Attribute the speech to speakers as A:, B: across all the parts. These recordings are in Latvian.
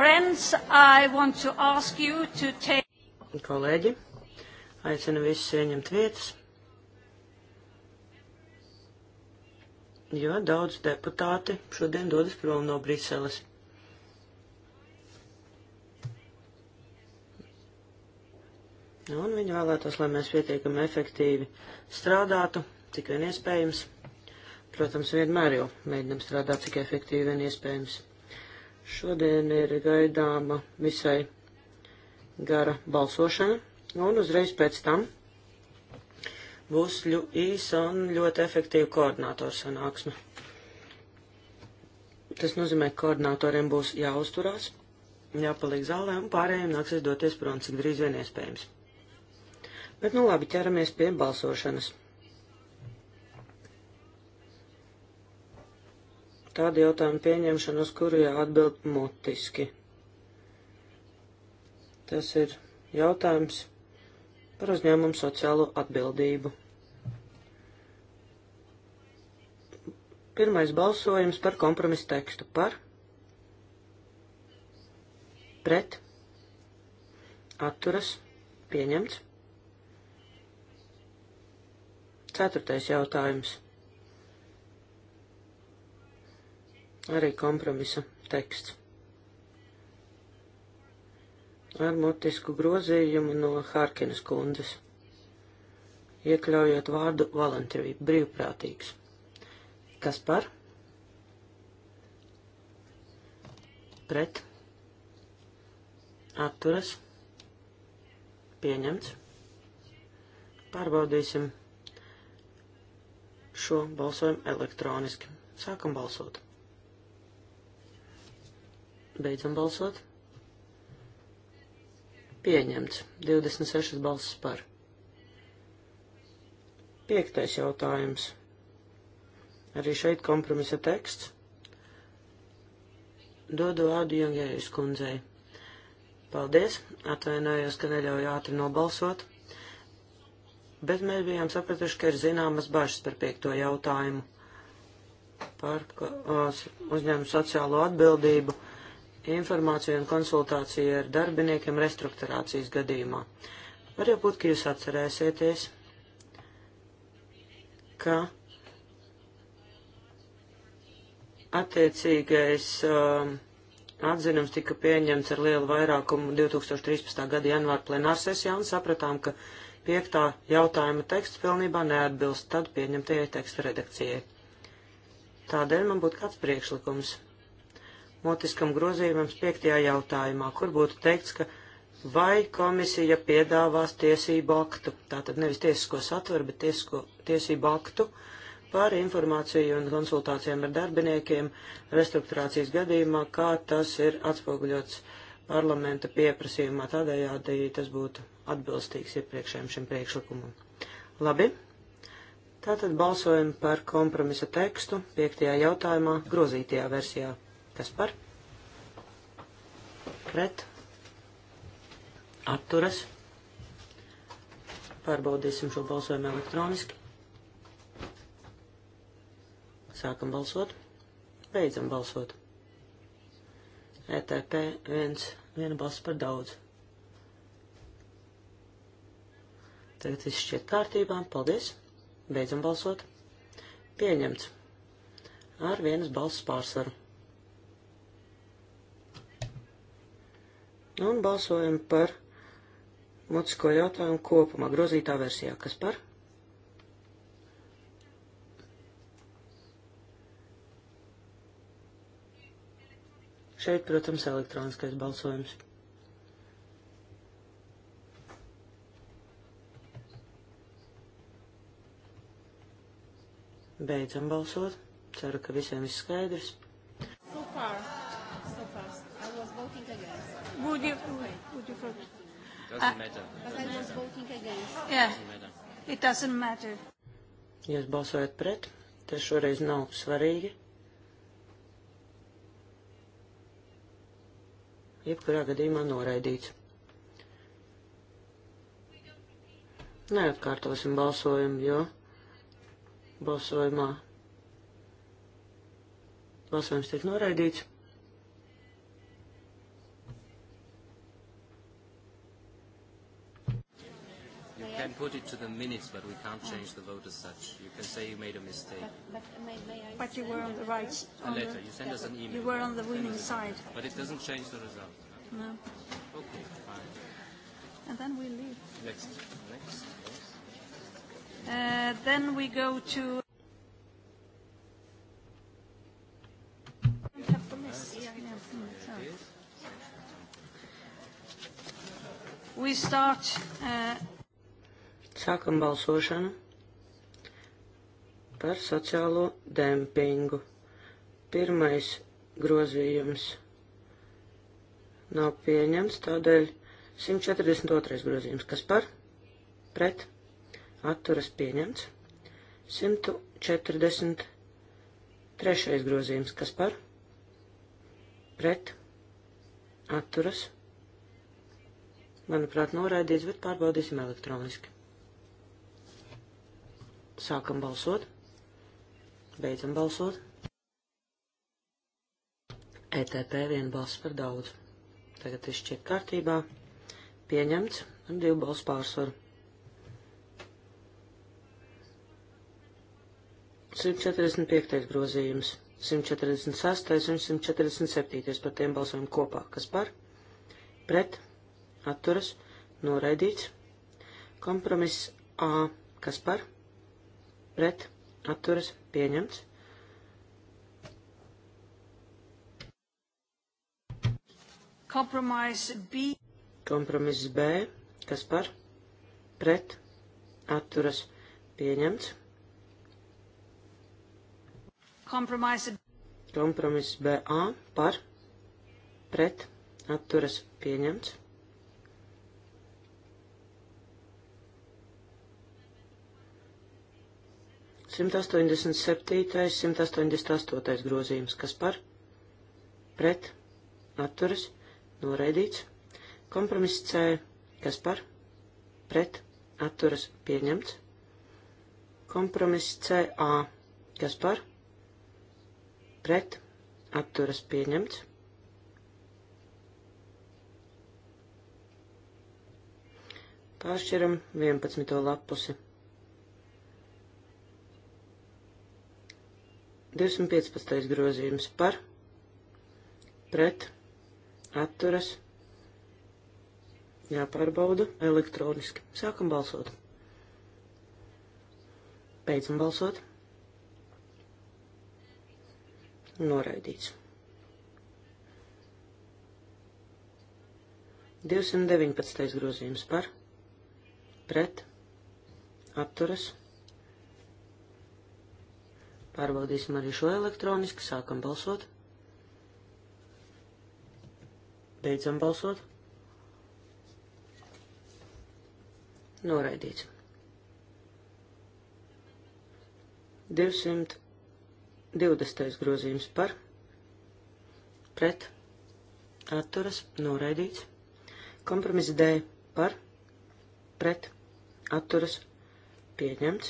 A: Friends, I want to ask you to take...
B: Kolēģi, aicinu visus ieņemt vietas, jo daudz deputāti šodien dodas prom no Briseles. Nu, un viņi vēlētos, lai mēs pietiekami efektīvi strādātu, cik vien iespējams. Protams, vienmēr jau mēģinam strādāt, cik efektīvi vien iespējams. Šodien ir gaidāma visai gara balsošana, un uzreiz pēc tam būs ļu, īsa un ļoti efektīva koordinātora sanāksme. Tas nozīmē, ka koordinātoriem būs jāuzturās, jāpaliek zālē, un pārējiem nāksies doties prom, cik drīz vien iespējams. Bet nu labi, ķeramies pie balsošanas. tādu jautājumu pieņemšanu, uz kuru jāatbild mutiski. Tas ir jautājums par uzņēmumu sociālo atbildību. Pirmais balsojums par kompromisu tekstu par, pret, atturas, pieņemts. Ceturtais jautājums. arī kompromisa teksts. Ar mutisku grozījumu no Harkinas kundzes, iekļaujot vārdu voluntary, brīvprātīgs. Kas par? Pret. Atturas. Pieņemts. Pārbaudīsim šo balsojumu elektroniski. Sākam balsot. Beidzam balsot. Pieņemts. 26 balsis par. Piektais jautājums. Arī šeit kompromisa teksts. Dodu vārdu Jungējas kundzei. Paldies, atvainojos, ka neļauju ātri nobalsot, bet mēs bijām sapratuši, ka ir zināmas bažas par piekto jautājumu par uzņēmu sociālo atbildību informāciju un konsultāciju ar darbiniekiem restruktūrācijas gadījumā. Var jau būt, ka jūs atcerēsieties, ka attiecīgais um, atzinums tika pieņemts ar lielu vairākumu 2013. gada janvāra plenārsesijā un sapratām, ka piektā jautājuma teksts pilnībā neatbilst tad pieņemtajai teksta redakcijai. Tādēļ man būtu kāds priekšlikums motiskam grozījumam piektajā jautājumā, kur būtu teikts, ka vai komisija piedāvās tiesību aktu, tātad nevis tiesisko satveru, bet tiesisko, tiesību aktu par informāciju un konsultācijām ar darbiniekiem restruktūrācijas gadījumā, kā tas ir atspoguļots parlamenta pieprasījumā. Tādējādi tas būtu atbilstīgs iepriekšējiem šim priekšlikumam. Labi. Tātad balsojam par kompromisa tekstu piektajā jautājumā grozītajā versijā. Kas par? Pret. Atturas. Pārbaudīsim šo balsojumu elektroniski. Sākam balsot. Beidzam balsot. ETP viens, viena balss par daudz. Tagad viss šķiet kārtībā. Paldies. Beidzam balsot. Pieņemts. Ar vienas balss pārsvaru. Un balsojam par mutisko jautājumu kopumā, grozītā versijā. Kas par? Šeit, protams, elektroniskais balsojums. Beidzam balsot. Ceru, ka visiem viss skaidrs.
C: So far who do you, who do you vote?
A: Doesn't uh, matter. But I was voting against. Yeah. It doesn't matter.
B: Jūs balsojat pret, tas šoreiz nav svarīgi. Jebkurā gadījumā noraidīts. Neatkārtosim balsojumu, jo balsojumā balsojums tiek noraidīts. can put it to the minutes, but we can't change the vote as such. You can say you made a mistake.
A: But, but, may, may I but you were on the right. On a letter. The, you send yeah, us an email. You were on the winning side. But it doesn't
B: change the result. No. Okay, fine.
A: And then we leave. Next. Next. Uh, then we go to... Hmm, we start uh,
B: Sākam balsošanu par sociālo dempingu. Pirmais grozījums nav pieņems, tādēļ 142. grozījums, kas par, pret, atturas pieņemts, 143. grozījums, kas par, pret, atturas, manuprāt, noraidīts, bet pārbaudīsim elektroniski. Sākam balsot. Beidzam balsot. ETP viena balss par daudz. Tagad viss šķiet kārtībā. Pieņemts ar divu balsu pārsvaru. 145. grozījums, 146. un 147. par tiem balsojam kopā, kas par, pret, atturas, noraidīts, kompromiss A, kas par, pret, pret atturas pieņemts.
A: Kompromiss B.
B: Kompromiss B. Kas par? Pret. Atturas. Pieņemts. Kompromiss. Kompromiss BA. Par. Pret. Atturas. Pieņemts. 187. 188. grozījums, kas par pret atturas noraidīts. Kompromiss C, kas par pret atturas pieņemts. Kompromiss CA, kas par pret atturas pieņemts. Pāršķiram 11. lapusi. 215. grozījums par, pret, atturas, jāpārbauda elektroniski. Sākam balsot. Beidzam balsot. Noraidīts. 219. grozījums par, pret, atturas, jāpārbauda Pārbaudīsim arī šo elektroniski. Sākam balsot. Beidzam balsot. Noraidīts. 220. grozījums par, pret, atturas, noraidīts. Kompromisa D par, pret, atturas, pieņemts.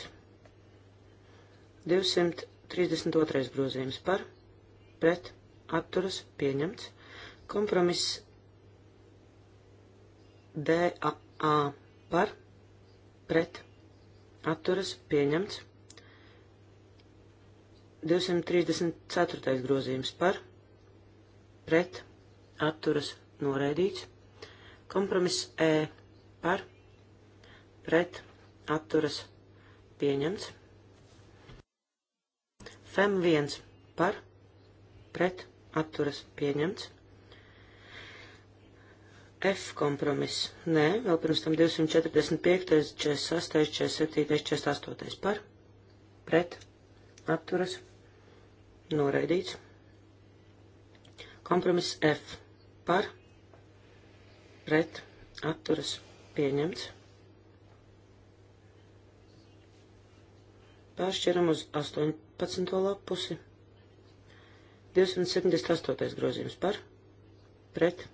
B: 232. grozījums par, pret, atturas, pieņemts. Kompromiss DAA par, pret, atturas, pieņemts. 234. grozījums par, pret, atturas, noraidīts. Kompromiss E par, pret, atturas, pieņemts. FEM 1 par pret atturas pieņemts. F kompromiss. Nē, vēl pirms tam 245, 46, 47, 48 par pret atturas noraidīts. Kompromiss F par pret atturas pieņemts. Pāršķiram uz 8. 11. lapusi. 278. grozījums par, pret,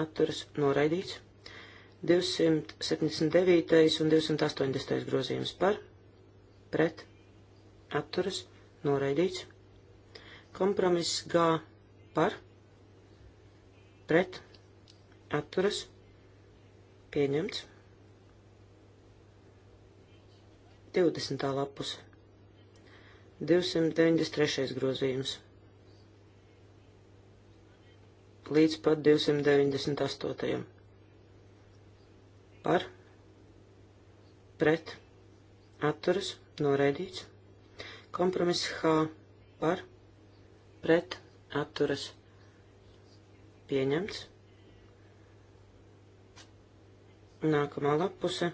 B: atturas noraidīts. 279. un 280. grozījums par, pret, atturas noraidīts. Kompromiss G par, pret, atturas pieņemts. 20. lapusi. 293. grozījums līdz pat 298. par pret atturas noraidīts. Kompromiss H par pret atturas pieņemts. Nākamā lapuse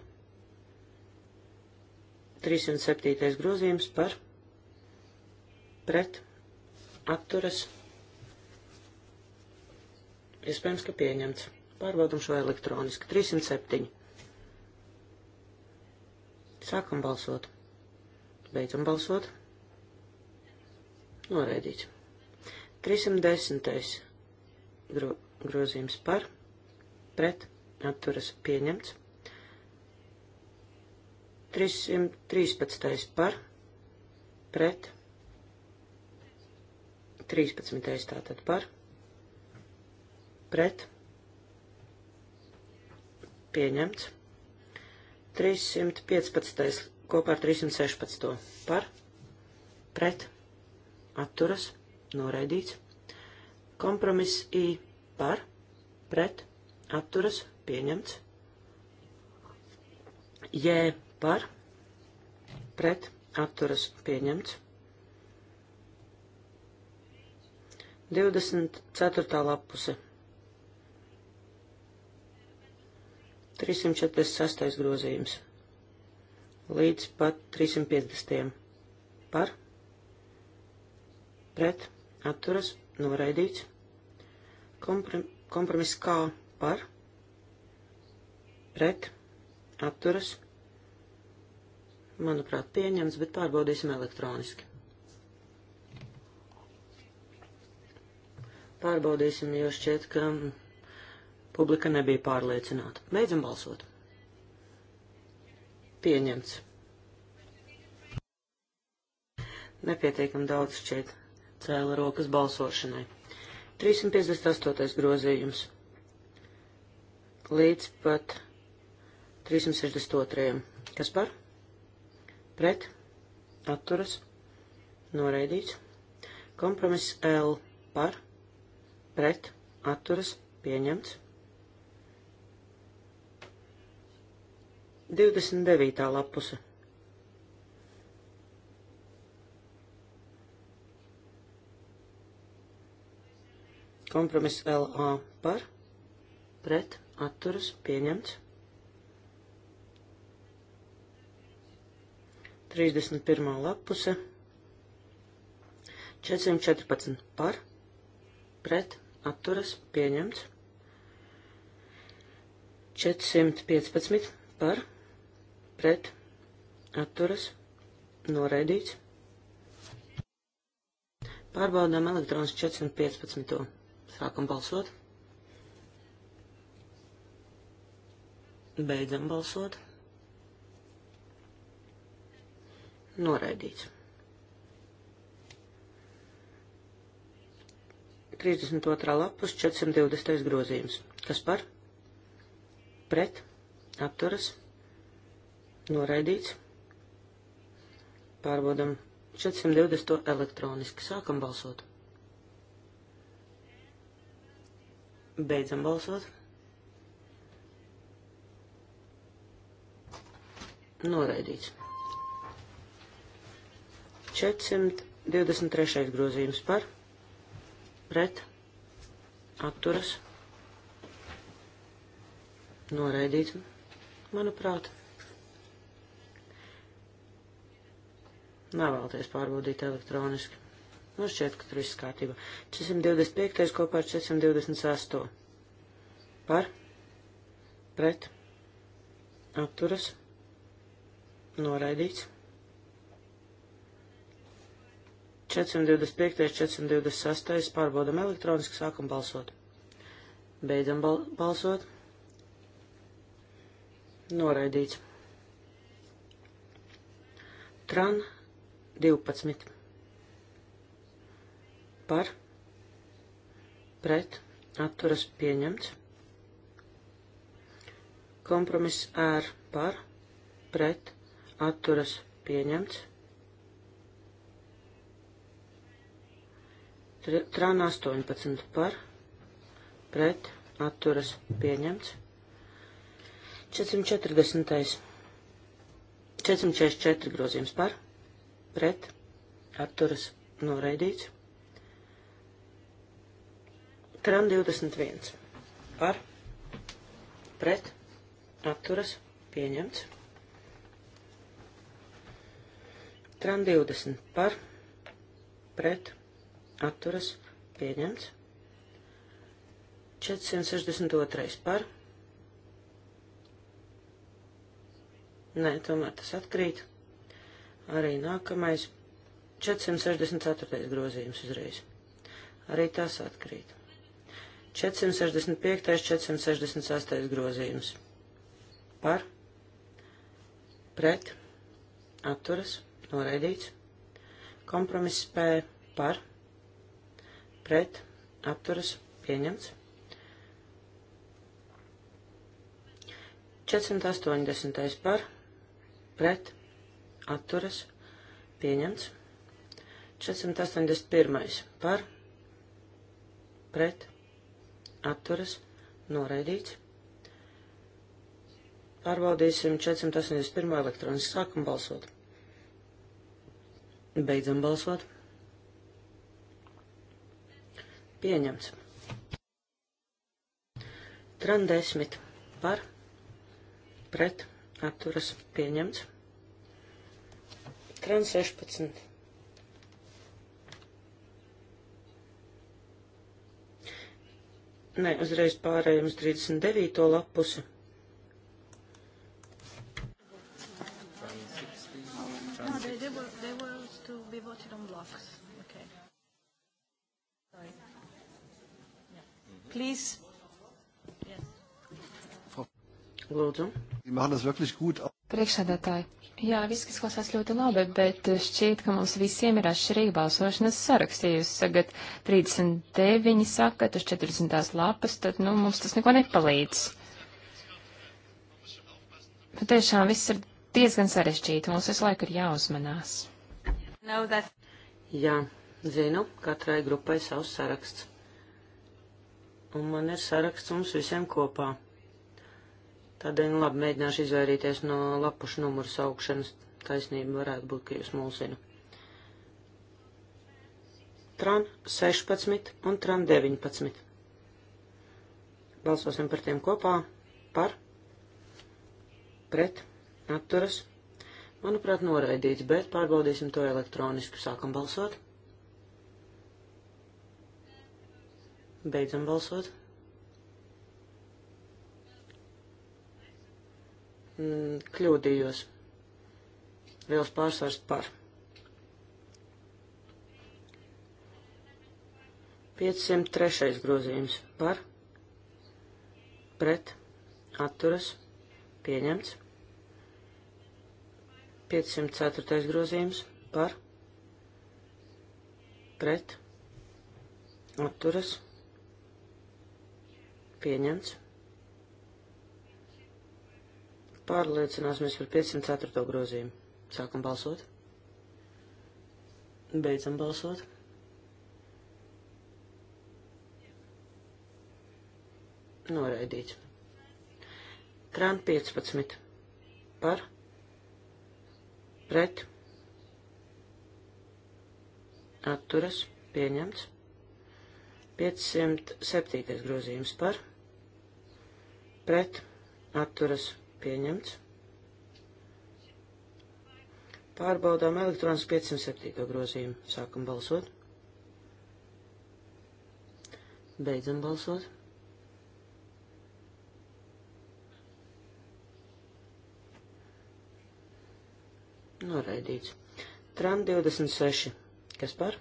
B: 307. grozījums par pret pret atturas. Iespējams, ka pieņemts. Pārbaudam šo elektroniski. 307. Sākam balsot. Beidzam balsot. Noraidīts. 310. Gro, grozījums par, pret, atturas pieņemts. 313. par, pret, 13. tātad par, pret, pieņemts. 315. kopā ar 316. par, pret, atturas, noraidīts. Kompromiss I par, pret, atturas, pieņemts. J par, pret, atturas, pieņemts. 24. lapuse. 346. grozījums līdz pat 350. par, pret, atturas, noraidīts, Komprom, kompromiss kā par, pret, atturas, manuprāt, pieņems, bet pārbaudīsim elektroniski. Pārbaudīsim, jo šķiet, ka publika nebija pārliecināta. Beidzam balsot. Pieņemts. Nepietiekam daudz šķiet cēla rokas balsošanai. 358. grozījums. Līdz pat 362. Kas par? Pret? Atturas? Noraidīts. Kompromiss L par? pret, atturas, pieņemts. 29. lapuse. Kompromiss LA par, pret, atturas, pieņemts. 31. lapuse. 414 par, pret, atturas pieņemts. 415 par pret atturas noraidīts. Pārbaudām elektrons 415. Sākam balsot. Beidzam balsot. Noraidīts. 32. lapus 420. grozījums. Kas par? Pret. Apturas. Noraidīts. Pārbaudam 420. elektroniski. Sākam balsot. Beidzam balsot. Noraidīts. 423. grozījums par pret atturas noraidīt, manuprāt. Nevēlties pārbaudīt elektroniski. Nu, šķiet, ka tur viss kārtībā. 425. kopā ar 428. Par, pret, apturas, noraidīts. 425, 426, pārbaudam elektroniski, sākam balsot. Beidzam bal balsot. Noraidīts. Tran 12. Par. Pret. Atturas pieņemts. Kompromiss ēr par. Pret. Atturas pieņemts. Tran 18 par, pret, atturas, pieņemts. 440. 444 grozījums par, pret, atturas, noraidīts. Tran 21 par, pret, atturas, pieņemts. Tran 20 par, pret, atturas atturas pieņemts. 462 par. Nē, tomēr tas atkrīt. Arī nākamais 464 grozījums uzreiz. Arī tas atkrīt. 465, 468 grozījums. Par, pret, atturas, noraidīts. Kompromiss spēja par, pret pret, atturas, pieņemts. 480. par, pret, atturas, pieņemts. 481. par, pret, atturas, noraidīts. Pārbaudīsim 481. elektroniski sākam balsot. Beidzam balsot. Pieņemts. Tran desmit par pret atturas pieņemts. Tran 16. Nē, uzreiz pārējiem uz 39. lapusi.
C: No, they, they were, they were
A: to be voted on blocks. please.
B: Lūdzu.
C: Priekšsēdētāji, jā, viss, kas klausās ļoti labi, bet šķiet, ka mums visiem ir atšķirīgi balsošanas saraksti. Ja jūs sagat 39 sakat uz 40 lapas, tad, nu, mums tas neko nepalīdz. Patiešām nu, viss ir diezgan sarežģīti, mums visu laiku ir jāuzmanās.
B: No, that... Jā, zinu, katrai grupai savs saraksts un man ir saraksts mums visiem kopā. Tādēļ, nu labi, mēģināšu izvairīties no lapušu numuru saukšanas. Taisnība varētu būt, ka jūs mulsina. Tran 16 un Tran 19. Balsosim par tiem kopā. Par. Pret. Atturas. Manuprāt, noraidīts, bet pārbaudīsim to elektroniski. Sākam balsot. Beidzam balsot. Mm, kļūdījos. Liels pārsvars par. 503. grozījums par. Pret. Atturas. Pieņemts. 504. grozījums par. Pret. Atturas. Pieņemts Pieņemts. Pārliecināsimies par 504. grozījumu. Sākam balsot. Beidzam balsot. Noraidīts. Krant 15. Par. Pret. Atturas. Pieņemts. 507. grozījums par, pret, atturas pieņemts. Pārbaudām elektronisku 507. grozījumu. Sākam balsot. Beidzam balsot. Noraidīts. Tram 26. Kas par?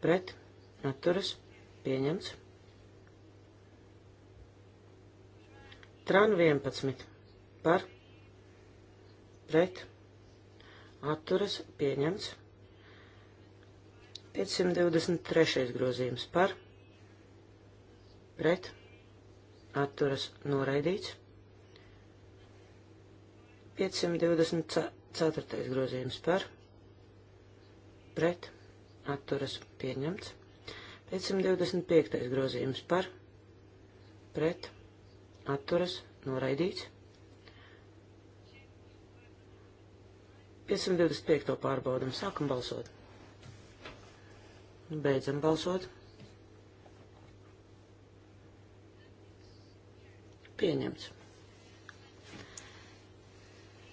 B: Pret. Atturas. Pieņemts. Tran 11. Par. Pret. Atturas. Pieņemts. 523. grozījums. Par. Pret. Atturas. Noraidīts. 524. grozījums. Par. Pret. Atturas. Pieņemts. 525. grozījums par, pret, atturas, noraidīts. 525. pārbaudam, sākam balsot. Beidzam balsot. Pieņemts.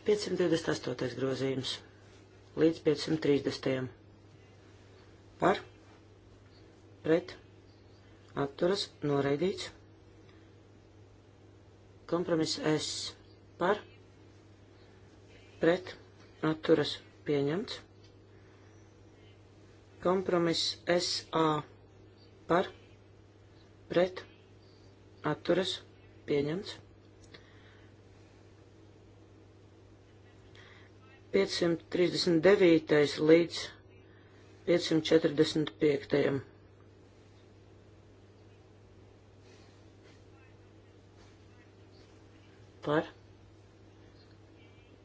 B: 528. grozījums līdz 530. par, pret pret, atturas, noraidīts. Kompromiss S par, pret, atturas, pieņemts. Kompromiss SA par, pret, atturas, pieņemts. 539. līdz 545. par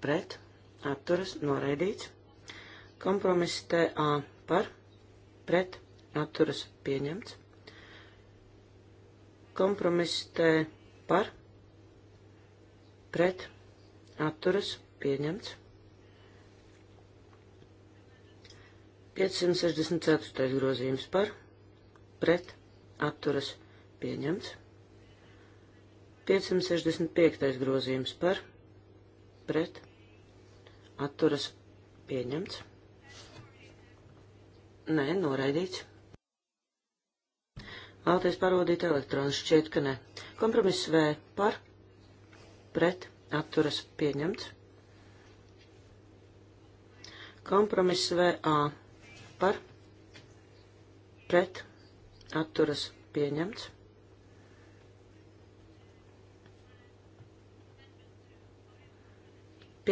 B: pret atturas noraidīts. Kompromiss TA par pret atturas pieņemts. Kompromiss T par pret atturas pieņemts. 564. grozījums par pret atturas pieņemts. 565. grozījums par pret atturas pieņemts. Nē, noraidīts. Vēlties parodīt elektronu, šķiet, ka nē. Kompromiss V par pret atturas pieņemts. Kompromiss VA par pret atturas pieņemts.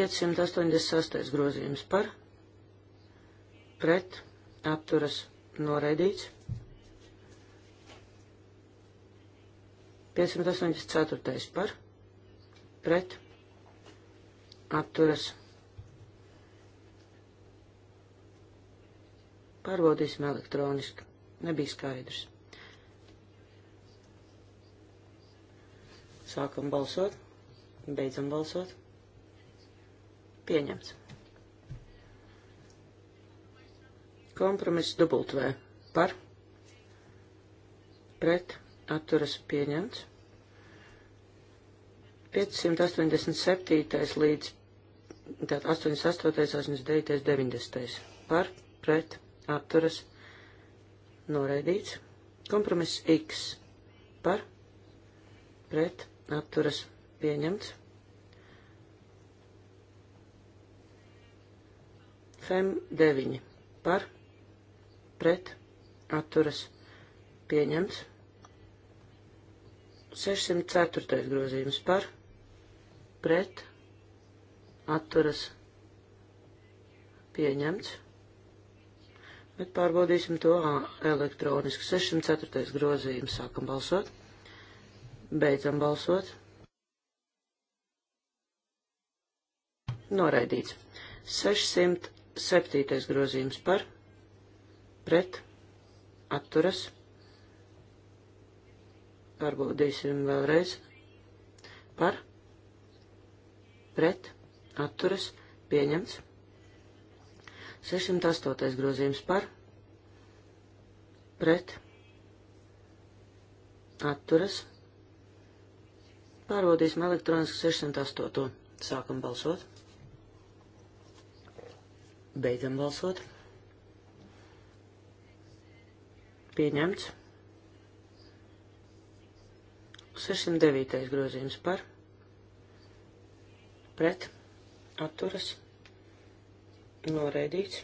B: 586. grozījums par, pret, apturas, noraidīts. 584. par, pret, apturas. Pārbaudīsim elektroniski. Nebija skaidrs. Sākam balsot, beidzam balsot. Pieņemts. Kompromiss dubultvē par pret atturas pieņemts. 587. līdz 88. 89. 90. par pret atturas noraidīts. Kompromiss X par pret atturas pieņemts. FEM 9 par pret atturas pieņemts. 604. grozījums par pret atturas pieņemts. Bet pārbaudīsim to elektroniski. 604. grozījums sākam balsot. Beidzam balsot. Noraidīts. 600. Septītais grozījums par, pret, atturas. Pārbaudīsim vēlreiz. Par, pret, atturas, pieņemts. 608. grozījums par, pret, atturas. Pārbaudīsim elektroniski 608. Sākam balsot. Beidzam balsot. Pieņemts. 609. grozījums par. Pret. Atturas. Noreidīts.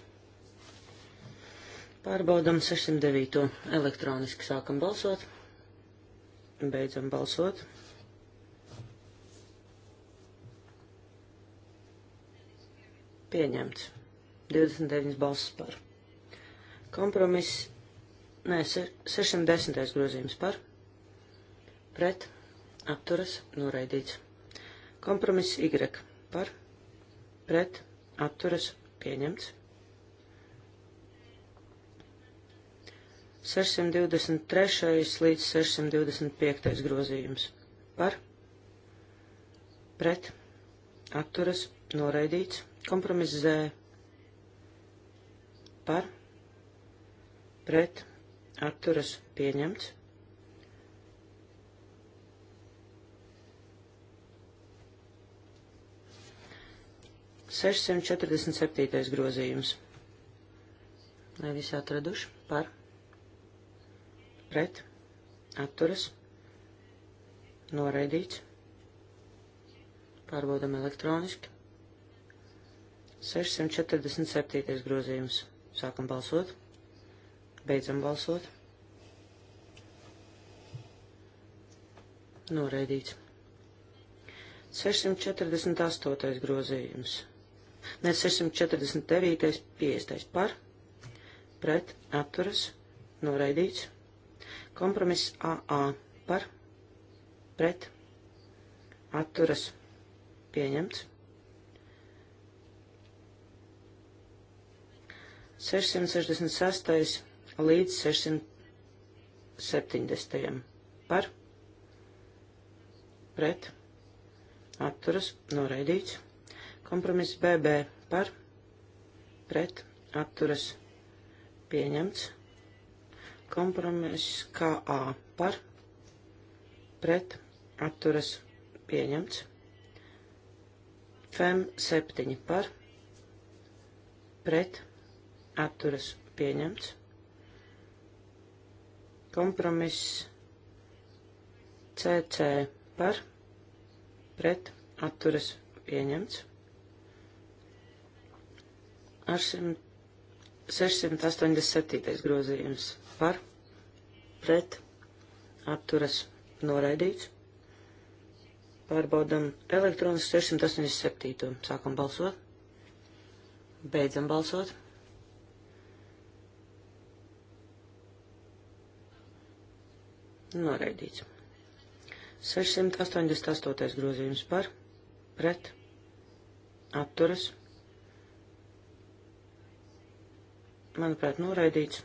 B: Pārbaudam 609. Elektroniski sākam balsot. Beidzam balsot. Pieņemts. 29 balsis par. Kompromiss, nē, 610. grozījums par, pret, atturas, noraidīts. Kompromiss Y par, pret, atturas, pieņemts. 623. līdz 625. grozījums par, pret, atturas, noraidīts. Kompromiss Z par pret atturas pieņemts. Sešsimt četrdesmit septītais grozījums. Lai visi atraduši par pret atturas noraidīts. Pārbaudam elektroniski. 647. grozījums. Sākam balsot. Beidzam balsot. Noraidīts. 648. grozījums. Ne 649. 50. par. Pret. Atturas. Noraidīts. Kompromiss AA. Par. Pret. Atturas. Pieņemts. 666 līdz 670 par pret atturas noraidīts. Kompromiss BB par pret atturas pieņemts. Kompromiss KA par pret atturas pieņemts. FEM 7 par pret atturas pieņemts atturas pieņemts. Kompromiss CC par pret atturas pieņemts. Ar 687. grozījums par pret atturas noraidīts. Pārbaudam elektronas 687. Sākam balsot. Beidzam balsot. noraidīts. 688. grozījums par, pret, atturas, manuprāt, noraidīts,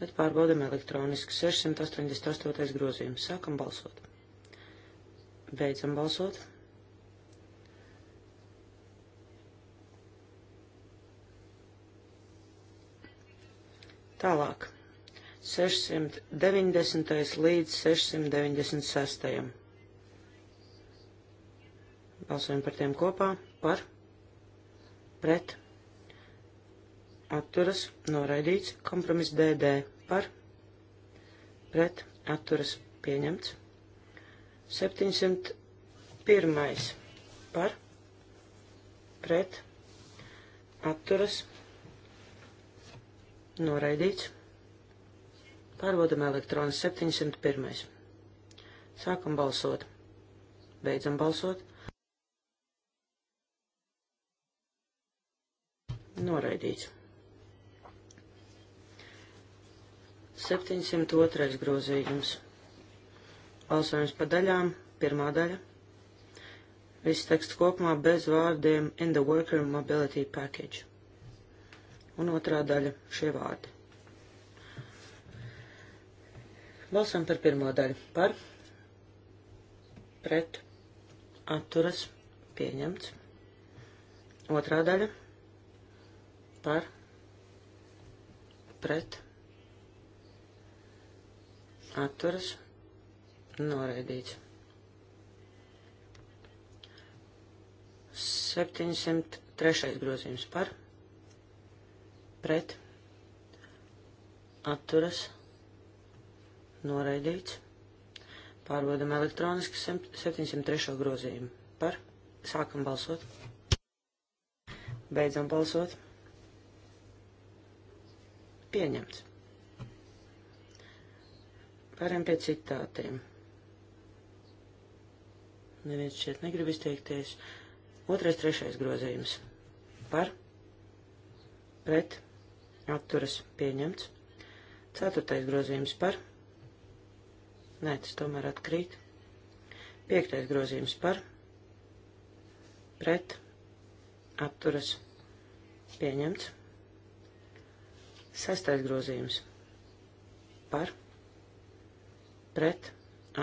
B: bet pārbaudam elektroniski 688. grozījums. Sākam balsot. Beidzam balsot. Tālāk. 690. līdz 696. Balsojam par tiem kopā, par, pret, atturas, noraidīts, kompromiss DD, par, pret, atturas, pieņemts. 701. par, pret, atturas, noraidīts. Pārbaudam elektronu 701. Sākam balsot. Beidzam balsot. Noraidīts. 702. grozījums. Balsojums pa daļām. Pirmā daļa. Viss teksts kopumā bez vārdiem in the worker mobility package. Un otrā daļa šie vārdi Balsam par pirmo daļu. Par, pret, atturas, pieņemts. Otrā daļa. Par, pret, atturas, noraidīts. 703. grozījums par, pret, atturas, noraidīts noraidīts. Pārbaudam elektroniski 703. grozījumu. Par. Sākam balsot. Beidzam balsot. Pieņemts. Pārējām pie citātiem. Neviens šeit negrib izteikties. Otrais, trešais grozījums. Par. Pret. Atturas. Pieņemts. Ceturtais grozījums par. Pret Nē, tas tomēr atkrīt. Piektais grozījums par, pret, atturas, pieņemts. Sestais grozījums par, pret,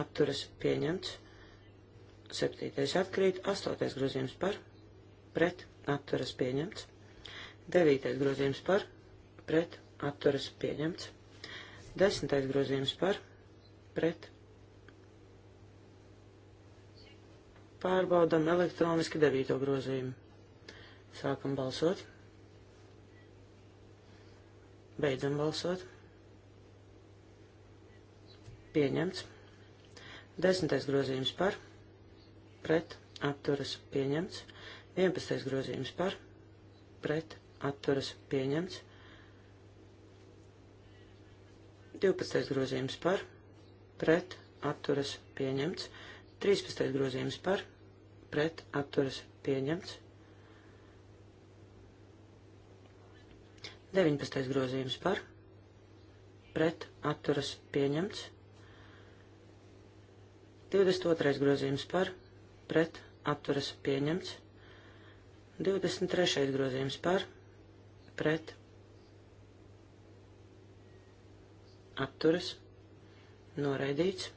B: atturas, pieņemts. Septītais atkrīt, astotais grozījums par, pret, atturas, pieņemts. Devītais grozījums par, pret, atturas, pieņemts. Desmitais grozījums par, pret pret. Pārbaudam elektroniski devīto grozījumu. Sākam balsot. Beidzam balsot. Pieņemts. Desmitais grozījums par. Pret. Atturas. Pieņemts. Vienpadsmitais grozījums par. Pret. Atturas. Pieņemts. 12. grozījums par pret atturas pieņemts. 13. grozījums par pret atturas pieņemts. 19. grozījums par pret atturas pieņemts. 22. grozījums par pret atturas pieņemts. 23. grozījums par pret atturas pieņemts noraidīts.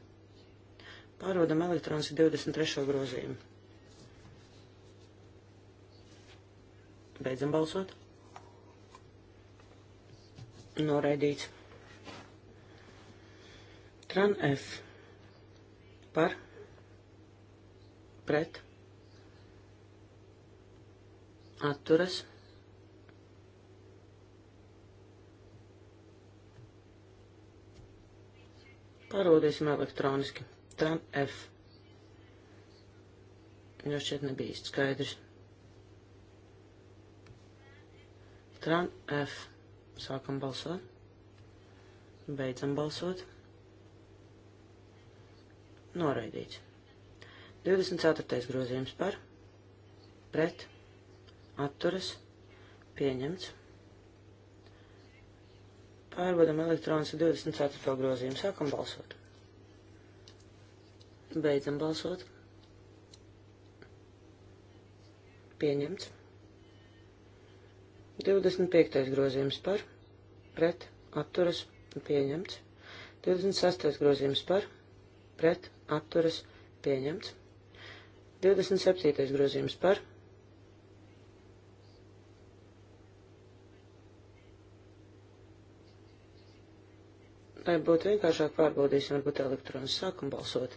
B: Pārodam elektroniski 23. grozījumu. Beidzam balsot. Noraidīts. Tran F. Par. Pret. Atturas. Atturas Pārbaudīsim elektroniski. Tan F. Jo šķiet nebija īsti skaidrs. Tran F. Sākam balsot. Beidzam balsot. Noraidīts. 24. grozījums par. Pret. Atturas. Pieņemts. Pārbaudam elektronisku 24. grozījumu. Sākam balsot. Beidzam balsot. Pieņemts. 25. grozījums par, pret, atturas, pieņemts. 26. grozījums par, pret, atturas, pieņemts. 27. grozījums par, lai būtu vienkāršāk pārbaudīsim, varbūt elektronas sākam balsot.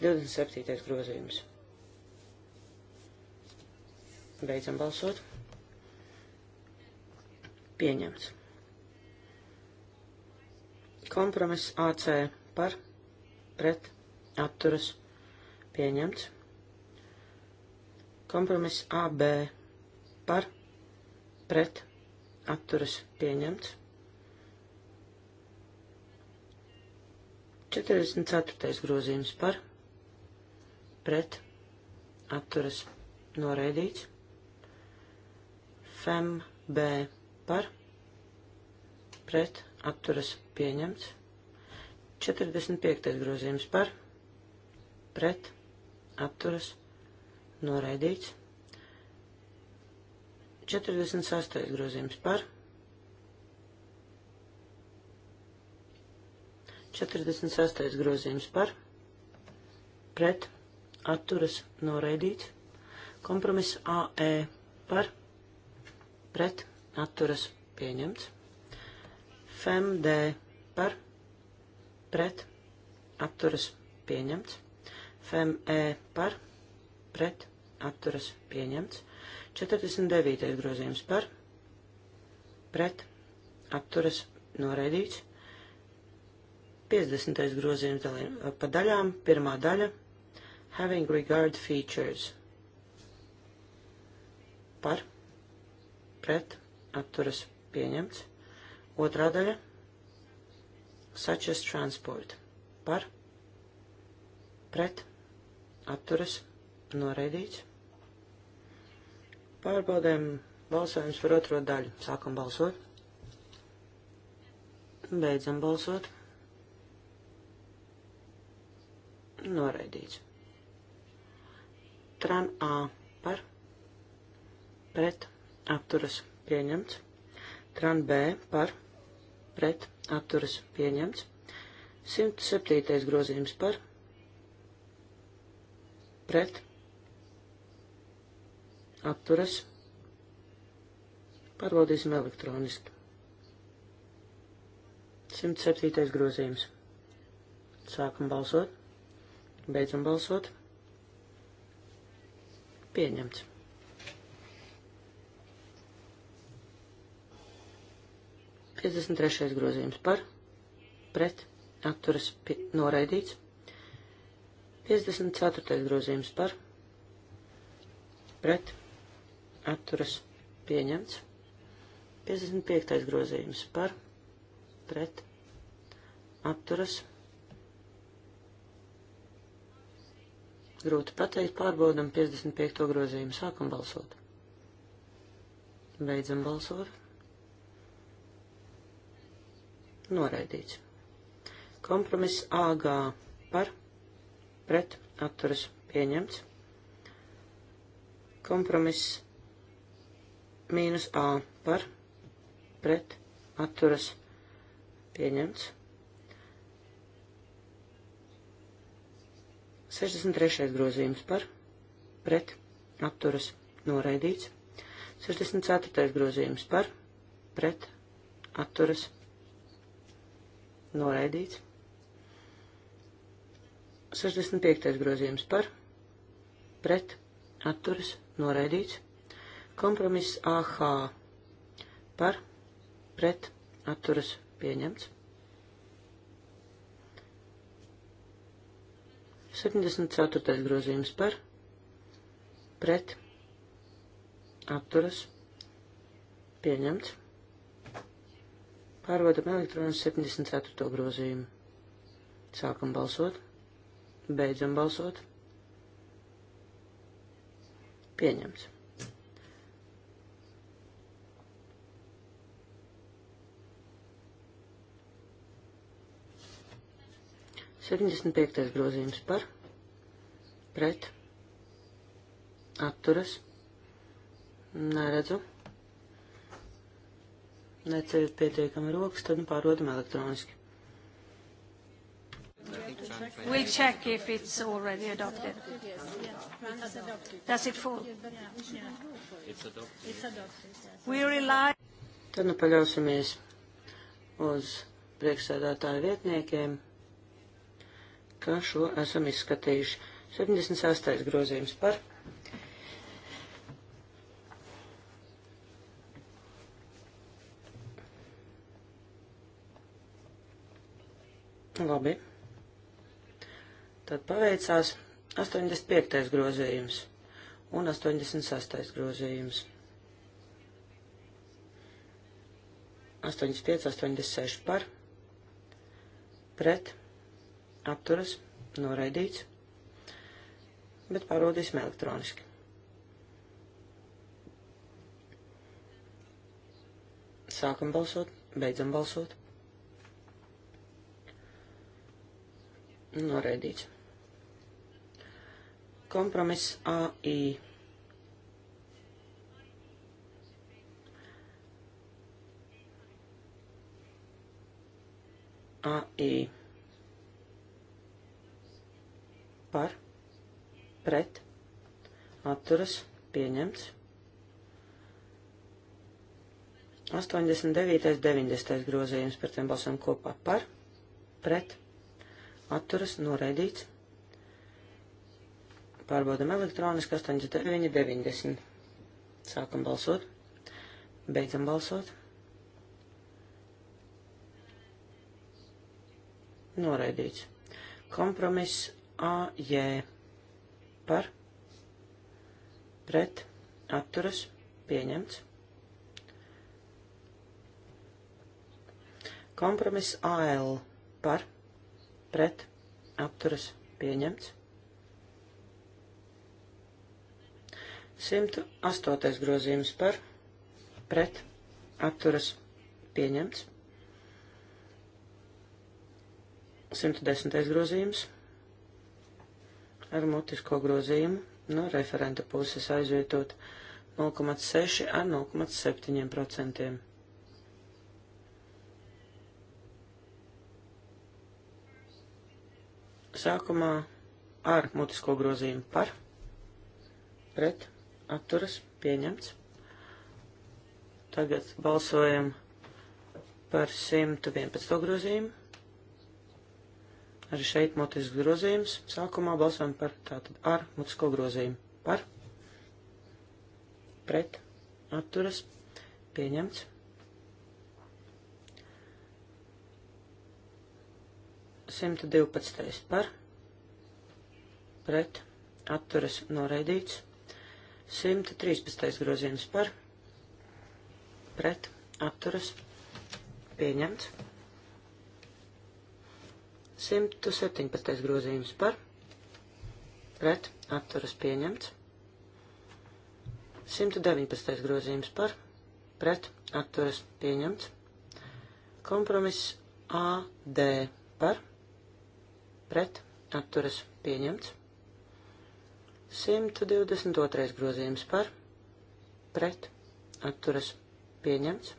B: 27. grozījums. Beidzam balsot. Pieņemts. Kompromiss AC par, pret, atturas, pieņemts. Kompromiss AB par, pret, atturas, pieņemts 44. grozījums par pret atturas noraidīts. Fem B par pret atturas pieņemts. 45. grozījums par pret atturas noraidīts. 46. grozījums par 46. grozījums par, pret, atturas, noraidīts. Kompromiss AE par, pret, atturas, pieņemts. FMD e par, pret, atturas, pieņemts. FME e par, pret, atturas, pieņemts. 49. grozījums par, pret, atturas, noraidīts. 50. grozījums pa daļām. Pirmā daļa - having regard features. Par, pret, atturas pieņemts. Otrā daļa - such as transport. Par, pret, atturas noraidīts. Pārbaudēm balsojums par otro daļu. Sākam balsot. Beidzam balsot. noraidīts. Tran A par pret apturas pieņemts. Tran B par pret apturas pieņemts. 107. grozījums par pret apturas. Pārbaudīsim elektroniski. 107. grozījums. Sākam balsot. Beidzam balsot. Pieņemts. Piecdesmit trešais grozījums par, pret, atturas pie, noraidīts. Piecdesmit ceturtais grozījums par, pret, atturas pieņemts. 55. grozījums par, pret, atturas pieņemts Grūti pateikt, pārbaudam 55. grozījumu. Sākam balsot. Beidzam balsot. Noraidīts. Kompromiss AG par pret atturas pieņemts. Kompromiss mīnus A par pret atturas pieņemts. 63. grozījums par pret atturas noraidīts. 64. grozījums par pret atturas noraidīts. 65. grozījums par pret atturas noraidīts. Kompromiss AH par pret atturas pieņemts. 74. grozījums par pret atturas pieņemts. Pārvadam elektronas 74. grozījumu. Sākam balsot. Beidzam balsot. Pieņemts. Septiņdesmit piektais grozījums par pret, atturas, neredzu, neceļat pietiekami rokas, tad nu pārodam elektroniski. We'll check if it's already adopted. Does it fall? It's adopted. We rely. Tad nu paļausimies uz priekšsēdētāju vietniekiem, ka šo esam izskatījuši. 76. grozījums par. Labi. Tad paveicās 85. grozījums un 86. grozījums. 85, 86 par, pret, apturas, noraidīts bet pārbaudīsim elektroniski. Sākam balsot, beidzam balsot. Noraidīts. Kompromiss AI. AI. Par pret, atturas, pieņemts. 89. 90. grozījums par tiem balsām kopā par, pret, atturas, noraidīts. Pārbaudam elektroniski 89, 90. Sākam balsot, beidzam balsot. Noraidīts. Kompromiss AJ par pret atturas pieņemts. Kompromiss AL par pret atturas pieņemts. 108. grozījums par pret atturas pieņemts. 110. grozījums ar mutisko grozījumu no referenta puses aizvietot 0,6 ar 0,7%. Sākumā ar mutisko grozījumu par, pret, atturas, pieņemts. Tagad balsojam par 111. grozījumu Arī šeit mutisks grozījums. Sākumā balsojam par tātad ar mutisko grozījumu. Par. Pret. Atturas. Pieņemts. Simta divpadsmitais par. Pret. Atturas noraidīts. 113. grozījums par. Pret. Atturas. Pieņemts. 117. grozījums par pret atturas pieņemts. 119. grozījums par pret atturas pieņemts. Kompromiss AD par pret atturas pieņemts. 122. grozījums par pret atturas pieņemts.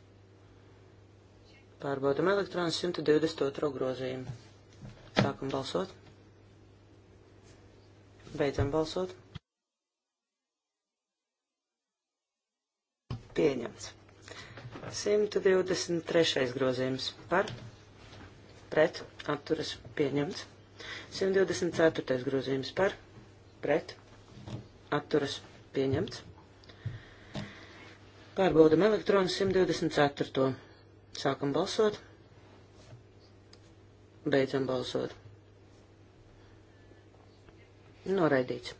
B: Pārbaudam elektronu 122. grozījumu. Sākam balsot. Beidzam balsot. Pieņemts. 123. grozījums par pret atturas pieņemts. 124. grozījums par pret atturas pieņemts. Pārbaudam elektronu 124. Sākam balsot. Beidzam balsot. Noraidīts.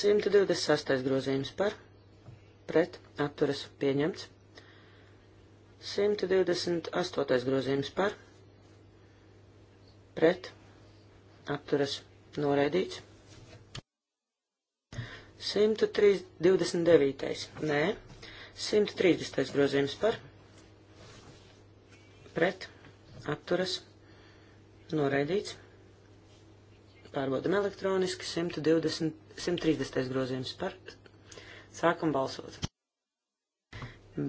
B: 126. grozījums par, pret, atturas, pieņemts. 128. grozījums par, pret, atturas, noraidīts. 129. nē, 130. grozījums par, pret, atturas, noraidīts. Pārbaudam elektroniski 120, 130. grozījums par. Sākam balsot.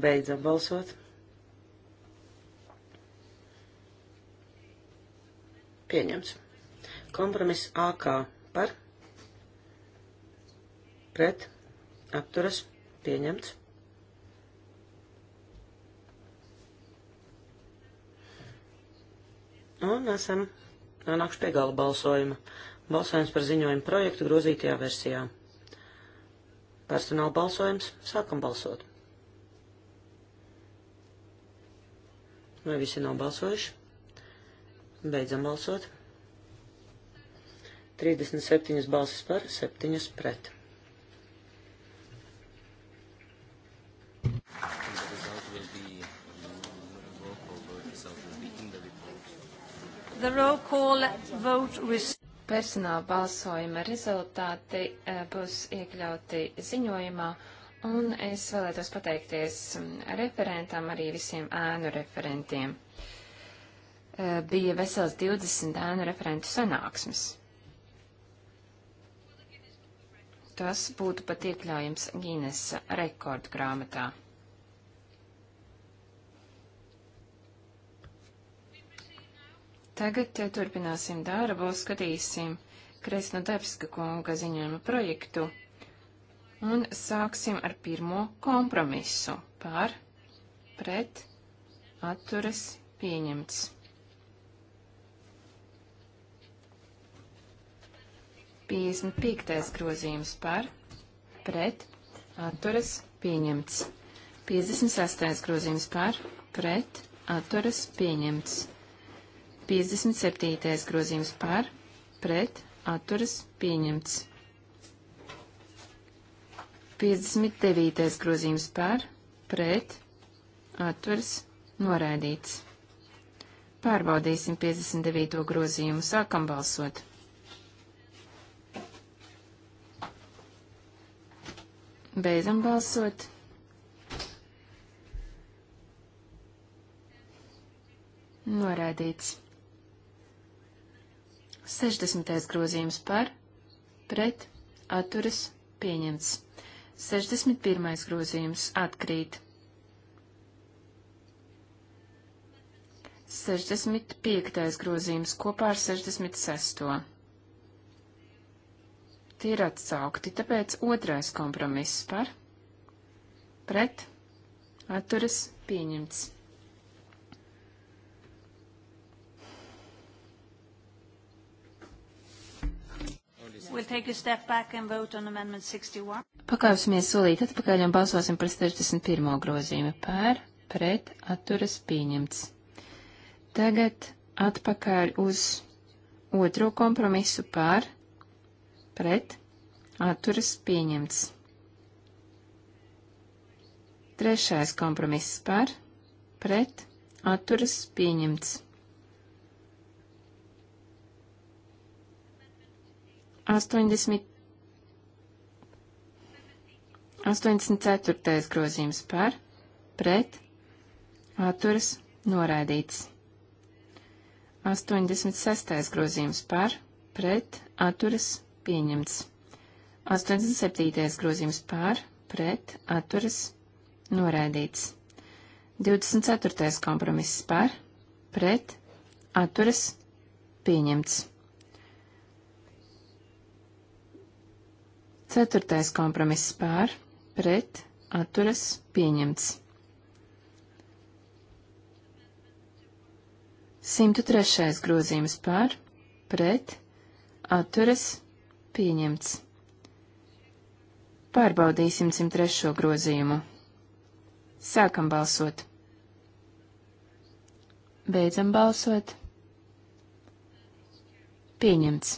B: Beidzam balsot. Pieņemts. Kompromiss AK par. Pret. Apturas. Pieņemts. Un esam nonākuši pie gala balsojuma. Balsojums par ziņojumu projektu grozītajā versijā. Personāla balsojums. Sākam balsot. Vai visi nav balsojuši? Beidzam balsot. 37 balsis par, 7 pret.
C: Personāla balsojuma rezultāti eh, būs iekļauti ziņojumā, un es vēlētos pateikties mm, referentam, arī visiem ēnu referentiem. Eh, bija vesels 20 ēnu referentu sanāksmes. Tas būtu pat iekļaujams Gīnes rekordu grāmatā. Tagad eh, turpināsim darbu, skatīsim Kresna Debska kunga ziņojuma projektu un sāksim ar pirmo kompromisu par pret atturas pieņemts. Piesmit piektais grozījums par pret atturas pieņemts. 56. grozījums par pret atturas pieņemts. 57. grozījums par, pret, atturas, pieņemts. 59. grozījums par, pret, atturas, noraidīts. Pārbaudīsim 59. grozījumu, sākam balsot. Beidzam balsot. Noraidīts. 60. grozījums par, pret, atturas, pieņemts. 61. grozījums atkrīt. 65. grozījums kopā ar 66. Tie ir atsaukti, tāpēc otrais kompromiss par, pret, atturas, pieņemts. We'll Pakāpsimies solīt atpakaļ un balsosim par 61. grozījumu pār, pret, atturas pieņemts. Tagad atpakaļ uz otro kompromisu pār, pret, atturas pieņemts. Trešais kompromiss pār, pret, atturas pieņemts. 80. 84. grozījums par, pret, atturas, noraidīts. 86. grozījums par, pret, atturas, pieņemts. 87. grozījums par, pret, atturas, noraidīts. 24. kompromiss par, pret, atturas, pieņemts. Ceturtais kompromiss pār, pret, atturas, pieņemts. 103. grozījums pār, pret, atturas, pieņemts. Pārbaudīsim 103. grozījumu. Sākam balsot. Beidzam balsot. Pieņemts.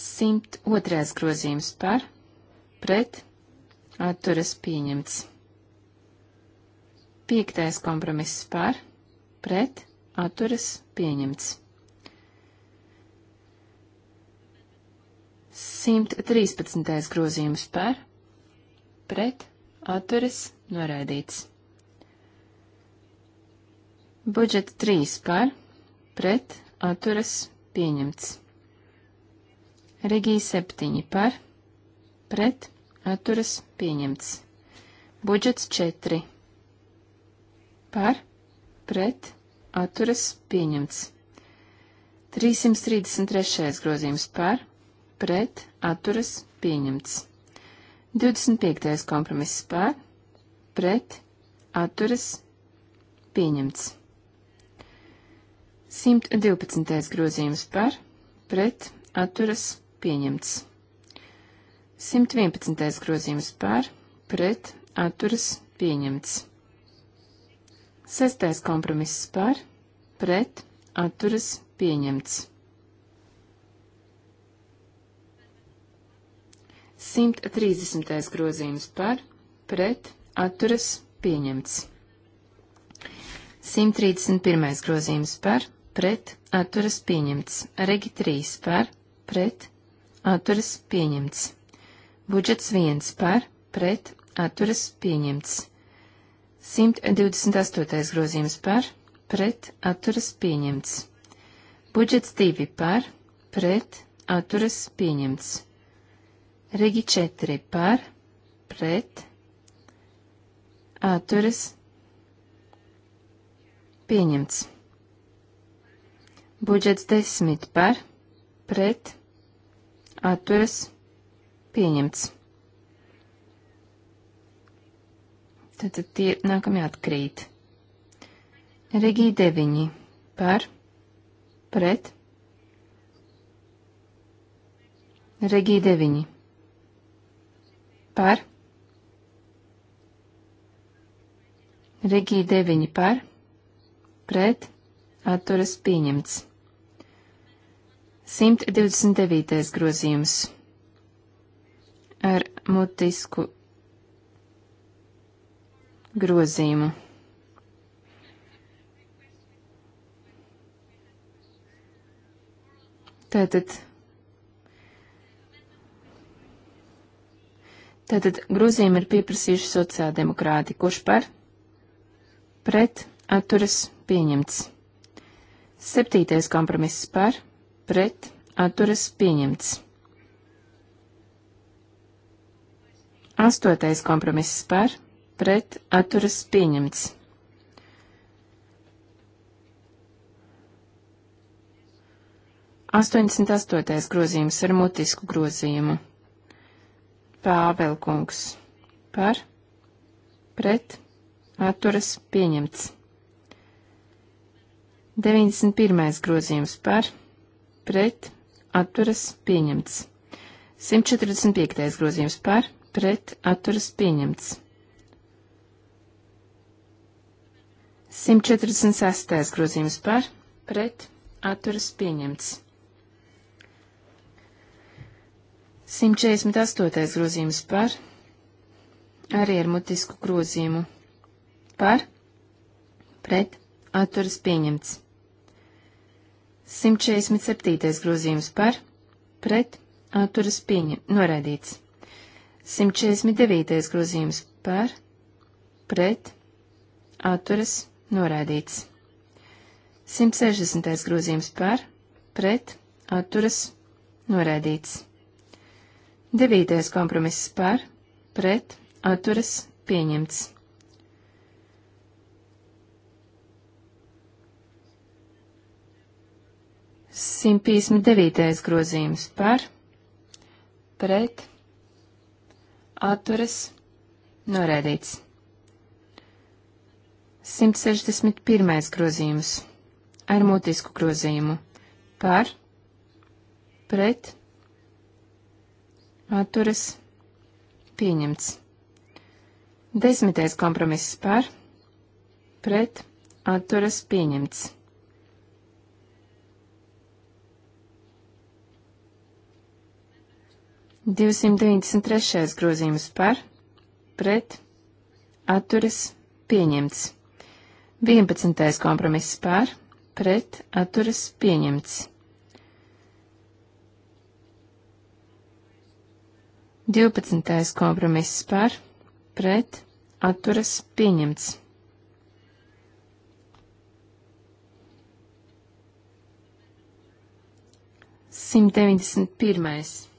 C: 102. grozījums par, pret, atturas pieņemts. 5. kompromiss par, pret, atturas pieņemts. 113. grozījums par, pret, atturas noraidīts. Budžeta 3 par, pret, atturas pieņemts. Regija 7 par, pret, atturas pieņemts. Budžets 4 par, pret, atturas pieņemts. 333. grozījums par, pret, atturas pieņemts. 25. kompromiss par, pret, atturas pieņemts. 112. grozījums par, pret, atturas pieņemts pieņemts. 111. grozījums par, pret, atturas, pieņemts. 6. kompromiss par, pret, atturas, pieņemts. 130. grozījums par, pret, atturas, pieņemts. 131. grozījums par, pret, atturas, pieņemts. Regi 3 par, pret, atturas pieņemts. Budžets 1 par, pret, atturas pieņemts. 128. grozījums par, pret, atturas pieņemts. Budžets 2 par, pret, atturas pieņemts. Regi 4 par, pret, atturas pieņemts. Budžets 10 par, pret, atturas pieņemts atturas pieņemts. Tātad tie nākamie atkrīt. Regī 9 par, pret. Regī 9 par. Regī 9 par, pret, atturas pieņemts. 129. grozījums ar mutisku grozījumu. Tātad, tātad grozījumi ir pieprasījuši sociāldemokrāti. Kurš par? Pret atturas pieņemts. Septītais kompromiss par pret atturas pieņemts. Astotais kompromiss par pret atturas pieņemts. Astoņdesmit astotais grozījums ar mutisku grozījumu. Pāvelkungs par pret atturas pieņemts. 91. grozījums par pret pret, atturas pieņemts. 145. grozījums par, pret, atturas pieņemts. 146. grozījums par, pret, atturas pieņemts. 148. grozījums par, arī ar mutisku grozījumu par, pret, atturas pieņemts. 147. grozījums par, pret, atturas pieņem, noraidīts. 149. grozījums par, pret, atturas, noraidīts. 160. grozījums par, pret, atturas, noraidīts. 9. kompromiss par, pret, atturas, pieņemts. 159. grozījums par, pret, atturas, norēdīts. 161. grozījums ar mutisku grozījumu par, pret, atturas, pieņemts. Desmitais kompromiss par, pret, atturas, pieņemts. 293. grozījums par, pret, atturas, pieņemts. 11. kompromiss par, pret, atturas, pieņemts. 12. kompromiss par, pret, atturas, pieņemts. 191.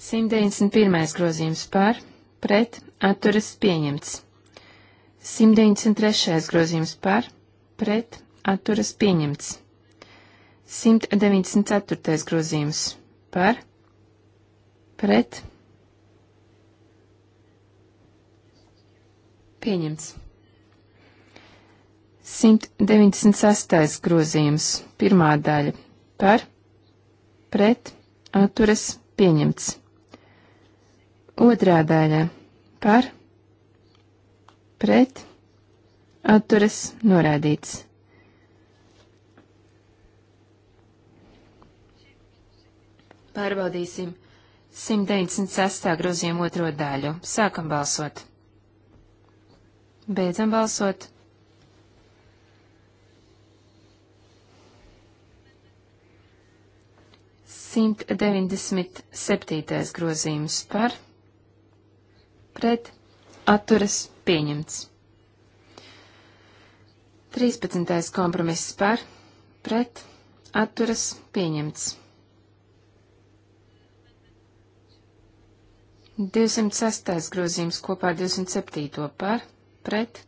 C: 191. grozījums par, pret, atturas pieņemts. 193. grozījums par, pret, atturas pieņemts. 194. grozījums par, pret, pieņemts. 198. grozījums, pirmā daļa par, pret, atturas pieņemts. Otrā daļa par, pret, atturas norādīts. Pārbaudīsim 196. grozījumu otro daļu. Sākam balsot. Beidzam balsot. Simt deviņdesmit septītais grozījums par pret atturas pieņemts. 13. kompromiss par pret atturas pieņemts. 206. grozījums kopā 207. par pret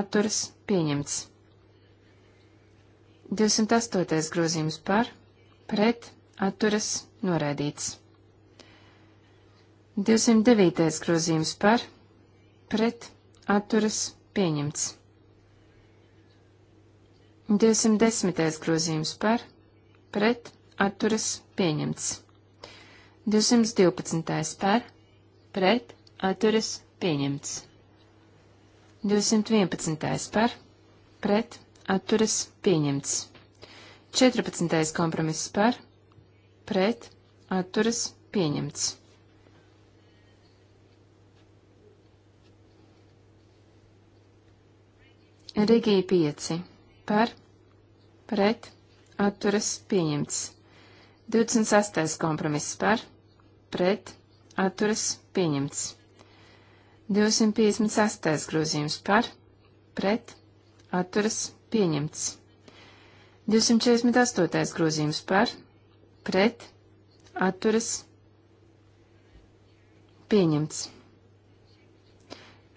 C: atturas pieņemts. 208. grozījums par pret atturas noraidīts. 209. grozījums par, pret, atturas, pieņemts. 210. grozījums par, pret, atturas, pieņemts. 212. par, pret, atturas, pieņemts. 211. par, pret, atturas, pieņemts. 14. kompromiss par, pret, atturas, pieņemts. Rigī 5 par pret atturas pieņemts. 26. kompromiss par pret atturas pieņemts. 258. grozījums par pret atturas pieņemts. 248. grozījums par pret atturas pieņemts.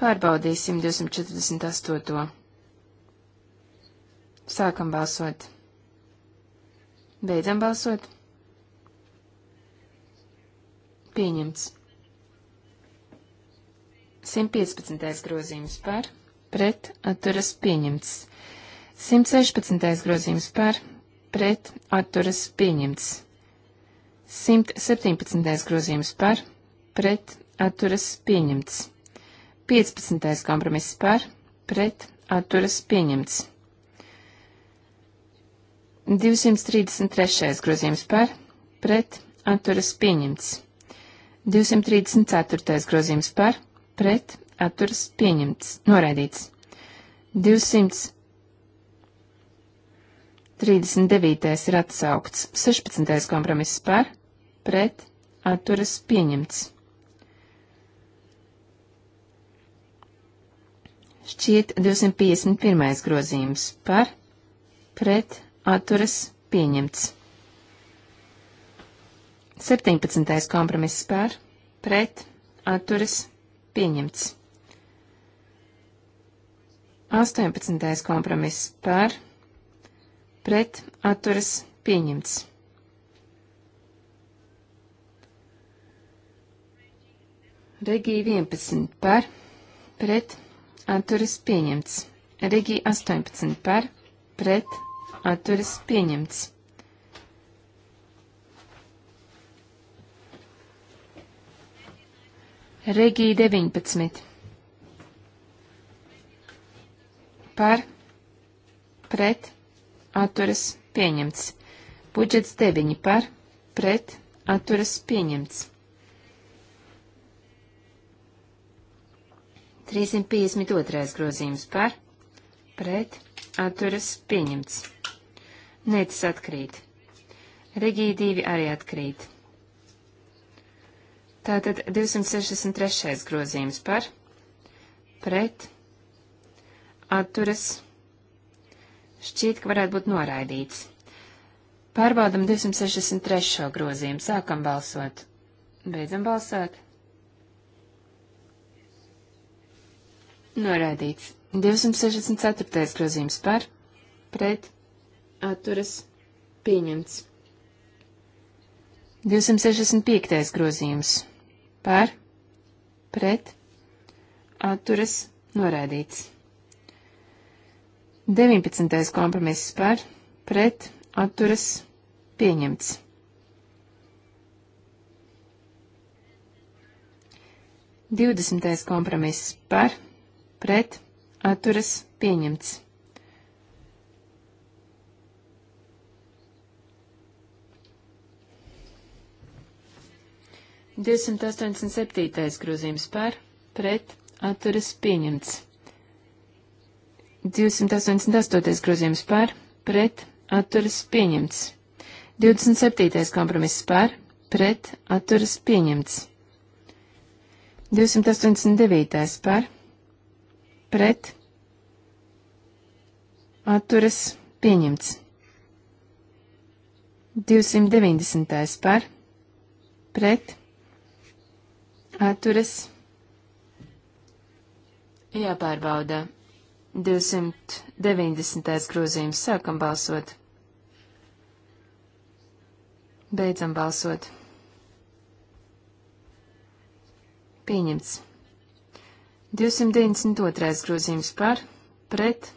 C: Pārbaudīsim 248. Sākam balsot. Beidzam balsot. Pieņemts. 115. grozījums par, pret, atturas pieņemts. 116. grozījums par, pret, atturas pieņemts. 117. grozījums par, pret, atturas pieņemts. 15. kompromiss par, pret, atturas pieņemts. 233. grozījums par, pret, atturas pieņemts. 234. grozījums par, pret, atturas pieņemts, noraidīts. 239. ir atsaukts, 16. kompromiss par, pret, atturas pieņemts. Šķiet 251. grozījums par, pret, atturas pieņemts. 17. kompromiss par, pret, atturas pieņemts. 18. kompromiss par, pret, atturas pieņemts. 2. 11 par, pret, atturas pieņemts. Regija 18 par, pret, atturas pieņemts. Regija 19. Par, pret, atturas pieņemts. Budžets 9 par, pret, atturas pieņemts. 352. grozījums par, pret, atturas pieņemts. Nē, tas atkrīt. Regija 2 arī atkrīt. Tātad 263. grozījums par, pret, atturas, šķiet, ka varētu būt noraidīts. Pārbaudam 263. grozījumu, sākam balsot, beidzam balsot. Noraidīts. 264. grozījums par, pret, atturas pieņemts. 265. grozījums par, pret, atturas norādīts. 19. kompromiss par, pret, atturas pieņemts. 20. kompromiss par, pret, atturas pieņemts. 287. grozījums par, pret, atturas pieņemts. 288. grozījums par, pret, atturas pieņemts. 27. kompromiss par, pret, atturas pieņemts. 289. par, pret, atturas pieņemts. 290. par, pret, atturas jāpārbauda. 290. grozījums sākam balsot. Beidzam balsot. Pieņemts. 292. grozījums par, pret,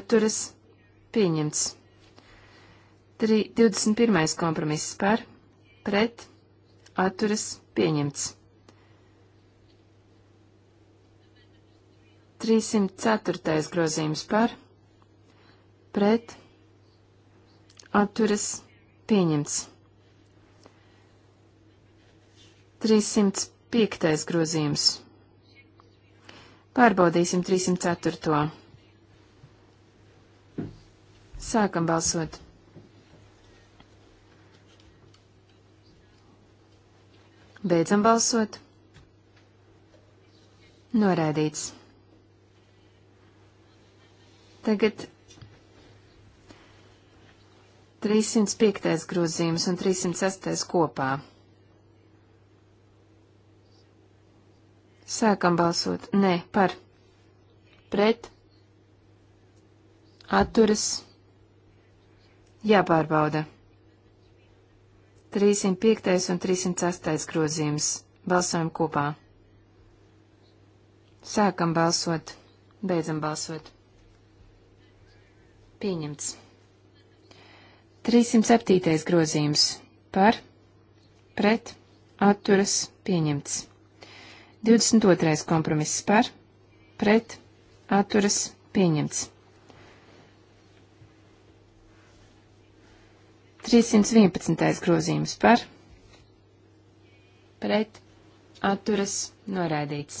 C: atturas, pieņemts. 3, 21. kompromiss par, pret, atturas, pieņemts. 304. grozījums par, pret, atturas, pieņemts. 305. grozījums. Pārbaudīsim 304. Sākam balsot. Beidzam balsot. Norādīts. Tagad 305. grozījums un 306. kopā. Sākam balsot. Nē, par. Pret. Atturas. Jāpārbauda. 305. un 308. grozījums. Balsojam kopā. Sākam balsot. Beidzam balsot. Pieņemts. 307. grozījums par, pret, atturas, pieņemts. 22. kompromiss par, pret, atturas, pieņemts. 311. grozījums par, pret, atturas, noraidīts.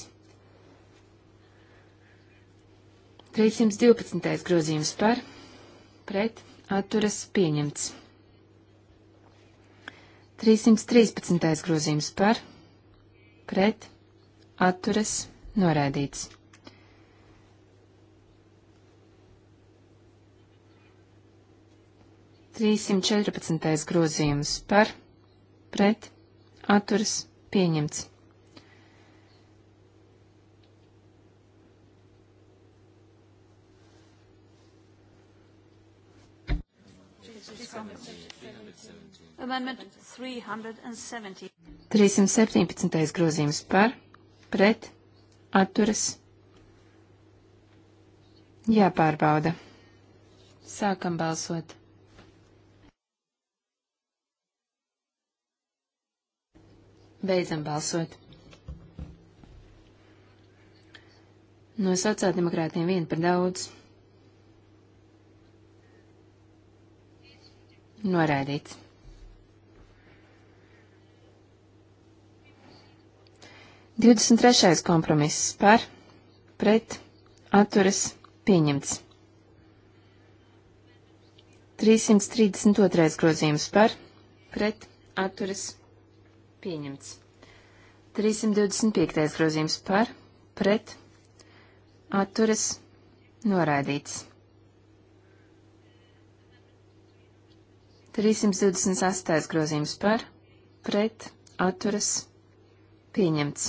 C: 312. grozījums par, pret, pret atturas pieņemts. 313. grozījums par pret atturas noraidīts. 314. grozījums par pret atturas pieņemts.
A: Amendment 317.
C: 317. grozījums par, pret, atturas, jāpārbauda. Sākam balsot. Beidzam balsot. No sociāldemokrātiem vien par daudz. Noraidīts. 23. kompromiss par, pret, atturas, pieņemts. 332. grozījums par, pret, atturas, pieņemts. 325. grozījums par, pret, atturas, noraidīts. 328. grozījums par, pret, atturas, pieņemts.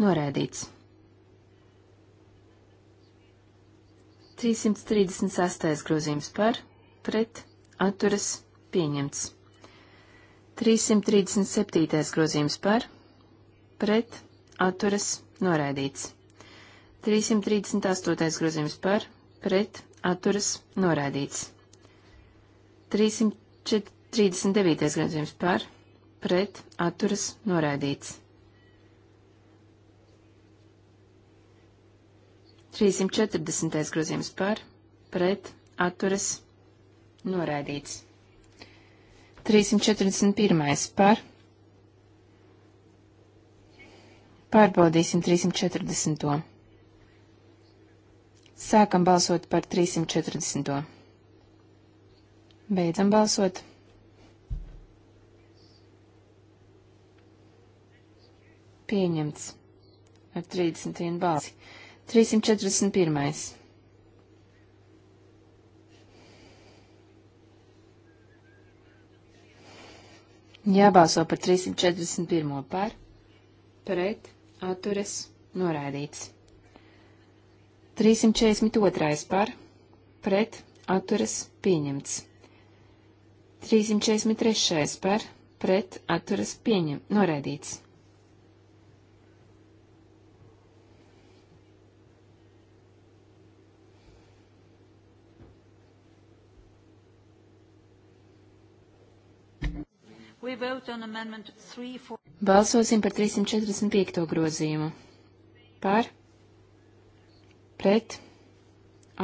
C: Norēdīts. 336. grozījums par, pret, atturas, pieņemts. 337. grozījums par, pret, atturas, noraidīts. 338. grozījums par, pret, atturas, noraidīts. 339. grozījums par, pret, atturas, noraidīts. 340. grozījums par, pret, atturas, noraidīts. 341. par. Pārbaudīsim 340. Sākam balsot par 340. Beidzam balsot. Pieņemts ar 31 balsi. 341. Jābalso par 341. par, pret, atturas, noraidīts. 342. par, pret, atturas, pieņemts. 343. par, pret, atturas, pieņem, noraidīts. Balsosim par 345. grozījumu. Par, pret,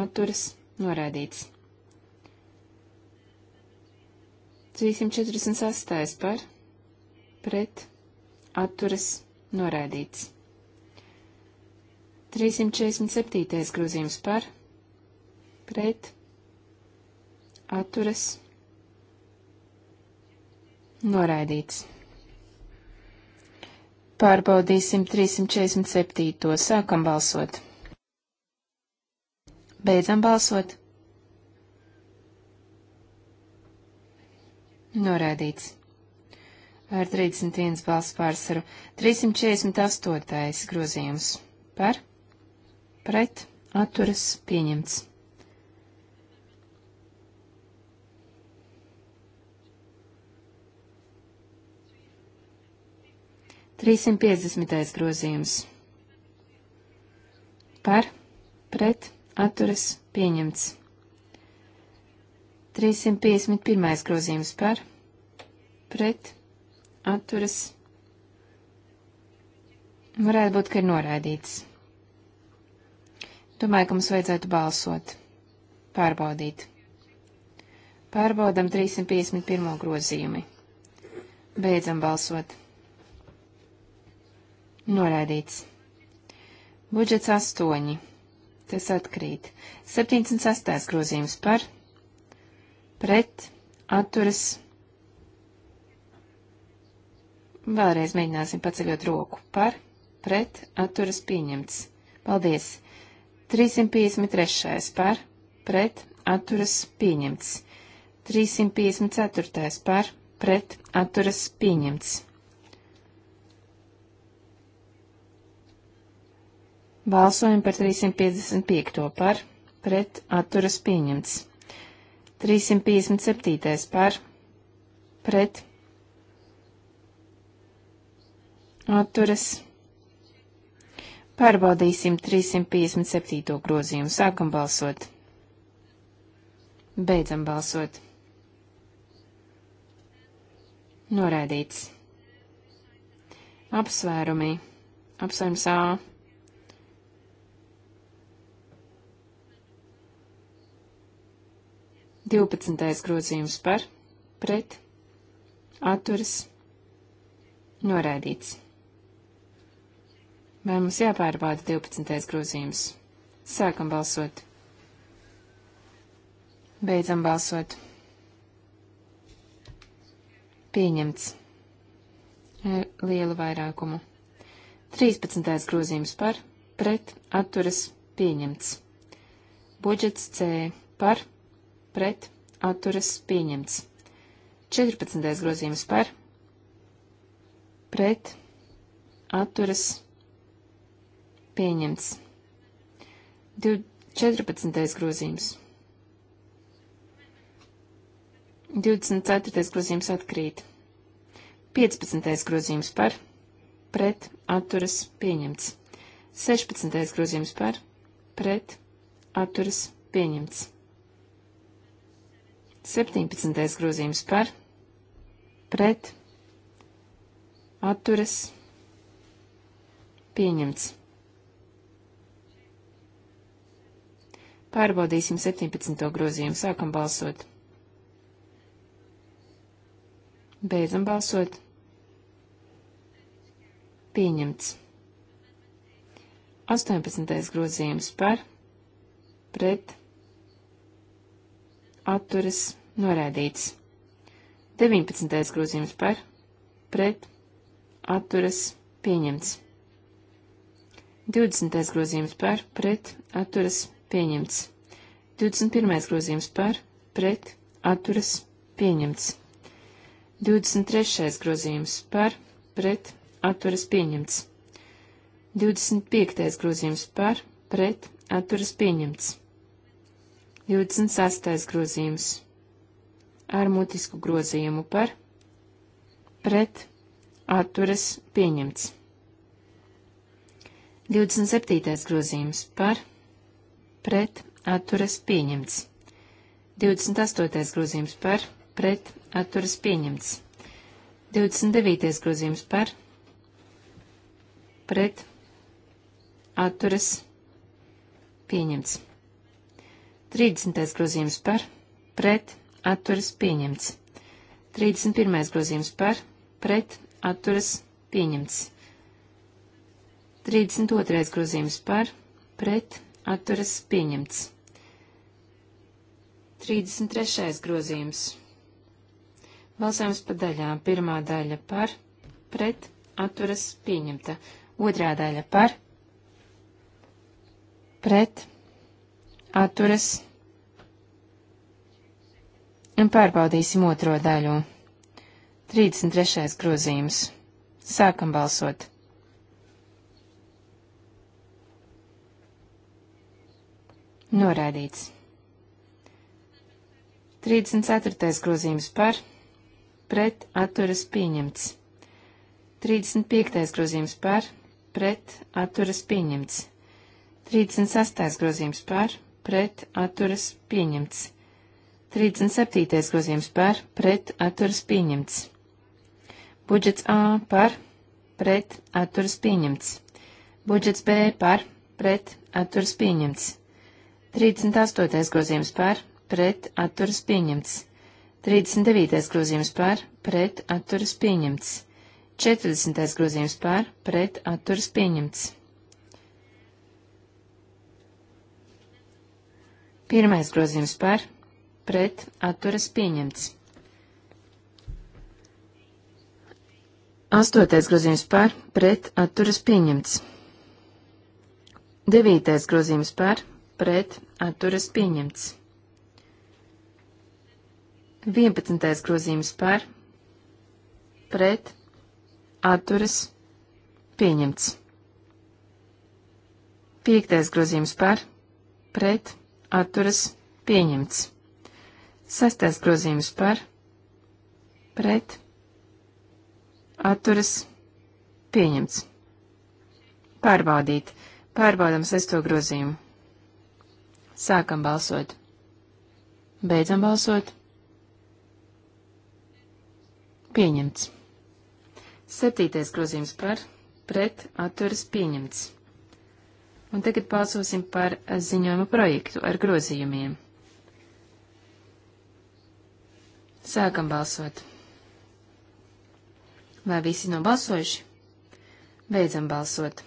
C: atturas, norādīts. 348. par, pret, atturas, norādīts. 347. grozījums par, pret, atturas, norādīts Noraidīts. Pārbaudīsim 347. Sākam balsot. Beidzam balsot. Noraidīts. Ar 31 balsu pārsvaru 348. grozījums. Par? Pret? Atturas? Pieņemts. 350. grozījums. Par, pret, atturas, pieņemts. 351. grozījums par, pret, atturas. Varētu būt, ka ir noraidīts. Domāju, ka mums vajadzētu balsot. Pārbaudīt. Pārbaudam 351. grozījumi. Beidzam balsot. Noraidīts. Budžets 8. Tas atkrīt. 76. grozījums par, pret, atturas. Vēlreiz mēģināsim paceļot roku par, pret, atturas pieņemts. Paldies! 353. par, pret, atturas pieņemts. 354. par, pret, atturas pieņemts. Balsojam par 355. par pret atturas pieņemts. 357. par pret atturas. Pārbaudīsim 357. grozījumu. Sākam balsot. Beidzam balsot. Noraidīts. Apsvērumi. Apsvērums A 12. grozījums par, pret, atturas, noraidīts. Vai mums jāpārbauda 12. grozījums? Sākam balsot. Beidzam balsot. Pieņemts. E, lielu vairākumu. 13. grozījums par, pret, atturas, pieņemts. Budžets C par, pret pret atturas pieņemts. 14. grozījums par pret atturas pieņemts. 14. grozījums. 24. grozījums atkrīt. 15. grozījums par, pret, atturas, pieņemts. 16. grozījums par, pret, atturas, pieņemts. 17. grozījums par, pret, atturas, pieņemts. Pārbaudīsim 17. grozījumu, sākam balsot. Beidzam balsot. Pieņemts. 18. grozījums par, pret, atturas, pieņemts Norādīts. 19. grozījums par, pret, atturas, pieņemts. 20. grozījums par, pret, atturas, pieņemts. 21. grozījums par, pret, atturas, pieņemts. 23. grozījums par, pret, atturas, pieņemts. 25. grozījums par, pret, atturas pieņemts. 26. grozījums ar mutisku grozījumu par pret atturas pieņemts. 27. grozījums par pret atturas pieņemts. 28. grozījums par pret atturas pieņemts. 29. grozījums par pret atturas pieņemts. 30. grozījums par pret atturas pieņemts. 31. grozījums par, pret, atturas pieņemts. 32. grozījums par, pret, atturas pieņemts. 33. grozījums. Balsojums pa daļām. Pirmā daļa par, pret, atturas pieņemta. Otrā daļa par, pret, atturas pieņemta Un pārbaudīsim otro daļu. 33. grozījums. Sākam balsot. Noraidīts. 34. grozījums par, pret, atturas pieņemts. 35. grozījums par, pret, atturas pieņemts. 36. grozījums par, pret, atturas pieņemts. 37. grozījums par pret atturas pieņemts. Budžets A par pret atturas pieņemts. Budžets B par pret atturas pieņemts. 38. grozījums par pret atturas pieņemts. 39. grozījums par pret atturas pieņemts. 40. grozījums par pret atturas pieņemts. Pirmais grozījums par pret atturas pieņemts. Astotais grozījums par pret atturas pieņemts. Devītais grozījums par pret atturas pieņemts. Vienpadsmitais grozījums par pret atturas pieņemts. Piektais grozījums par pret atturas pieņemts. Sestais grozījums par, pret, atturas, pieņemts. Pārbaudīt. Pārbaudam sesto grozījumu. Sākam balsot. Beidzam balsot. Pieņemts. Septītais grozījums par, pret, atturas pieņemts. Un tagad balsosim par ziņojuma projektu ar grozījumiem. Sākam balsot. Vai visi nobalsojuši? Beidzam balsot.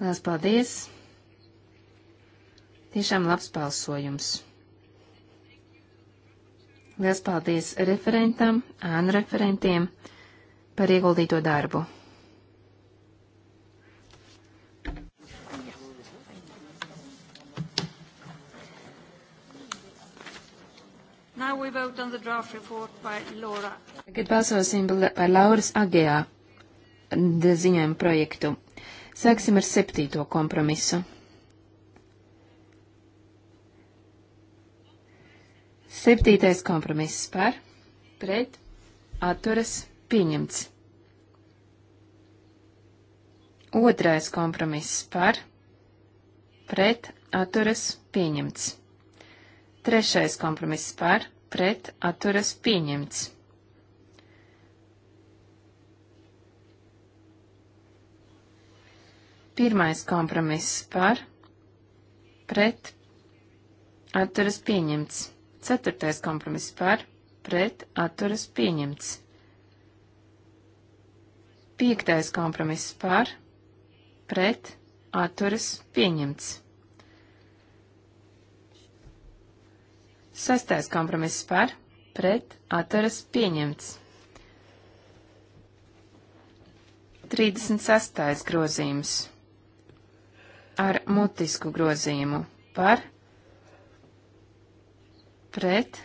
C: Lielas paldies! Tiešām labs balsojums. Lielas paldies referentam, ānu referentiem par ieguldīto darbu.
A: Tagad balsosim
C: par Lauras Agijā ziņojumu projektu. Sāksim ar septīto kompromisu. Septītais kompromiss par, pret, atturas, pieņemts. Otrais kompromiss par, pret, atturas, pieņemts. Trešais kompromiss par, pret atturas pieņemts. Pirmais kompromiss par, pret, atturas pieņemts. Ceturtais kompromiss par, pret, atturas pieņemts. Piektais kompromiss par, pret, atturas pieņemts. Sastais kompromiss par, pret, atturas pieņemts. 36. grozījums ar mutisku grozījumu par, pret,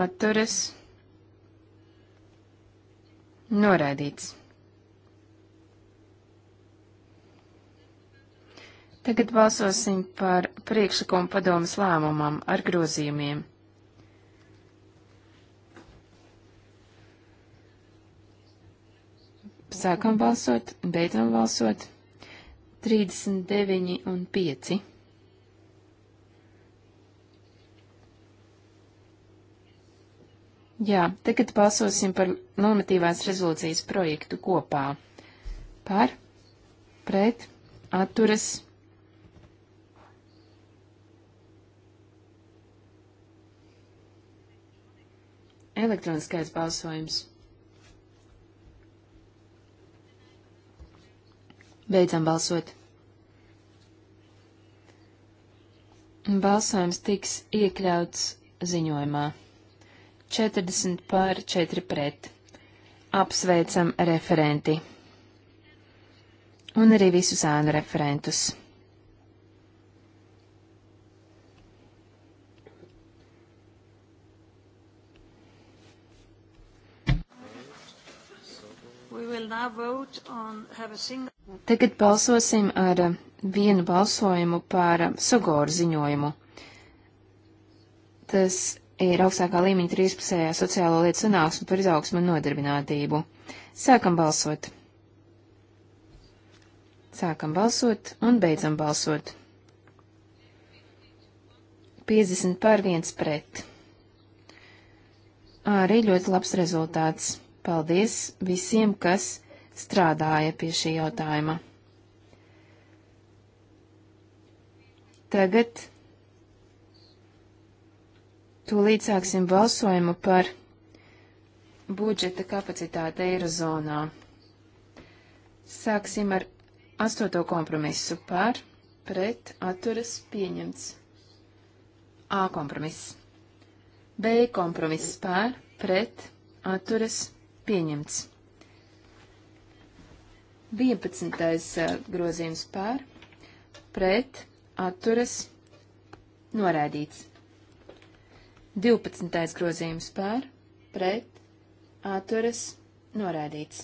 C: atturas, noraidīts. Tagad balsosim par priekšlikumu padomas lēmumam ar grozījumiem. Sākam balsot, beidzam balsot. 39 un 5. Jā, tagad balsosim par normatīvās rezolūcijas projektu kopā. Par, pret, atturas, Elektroniskais balsojums. Beidzam balsot. Balsojums tiks iekļauts ziņojumā. 40 pār 4 pret. Apsveicam referenti. Un arī visus ēnu referentus. Tagad balsosim ar vienu balsojumu par Sogoru ziņojumu. Tas ir augstākā līmeņa 13. sociālo lietu sanāksme par izaugsmu un nodarbinātību. Sākam balsot. Sākam balsot un beidzam balsot. 50 pār 1 pret. Arī ļoti labs rezultāts. Paldies visiem, kas strādāja pie šī jautājuma. Tagad tūlīt sāksim balsojumu par budžeta kapacitāti Eirozonā. Sāksim ar astoto kompromisu par, pret, atturas pieņemts. A kompromiss. B kompromiss par, pret, atturas pieņemts. 11. Eh, grozījums pār, pret, atturas, noraidīts. 12. grozījums pār, pret, atturas, noraidīts.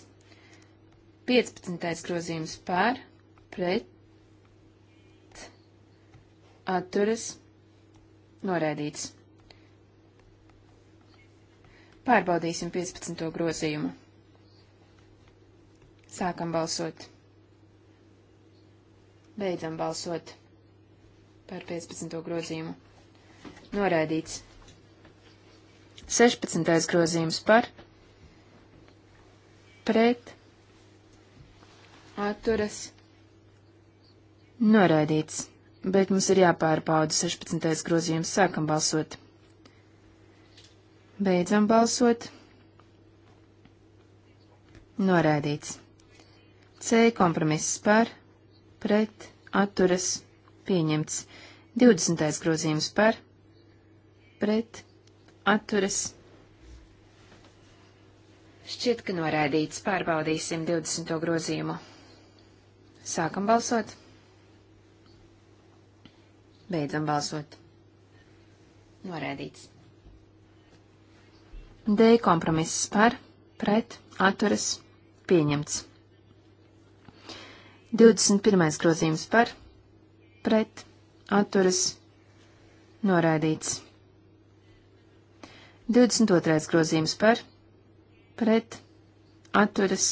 C: 15. grozījums pār, pret, atturas, noraidīts. Pārbaudīsim 15. grozījumu. Sākam balsot. Beidzam balsot par 15. grozījumu. Noraidīts. 16. grozījums par pret atturas noraidīts, bet mums ir jāpārbauda 16. grozījums. Sākam balsot. Beidzam balsot. Noraidīts. C kompromiss par, pret, atturas, pieņemts. 20. grozījums par, pret, atturas. Šķiet, ka noraidīts. Pārbaudīsim 20. grozījumu. Sākam balsot. Beidzam balsot. Noraidīts. D kompromiss par, pret, atturas, pieņemts. 21. grozījums par, pret, atturas, noraidīts. 22. grozījums par, pret, atturas,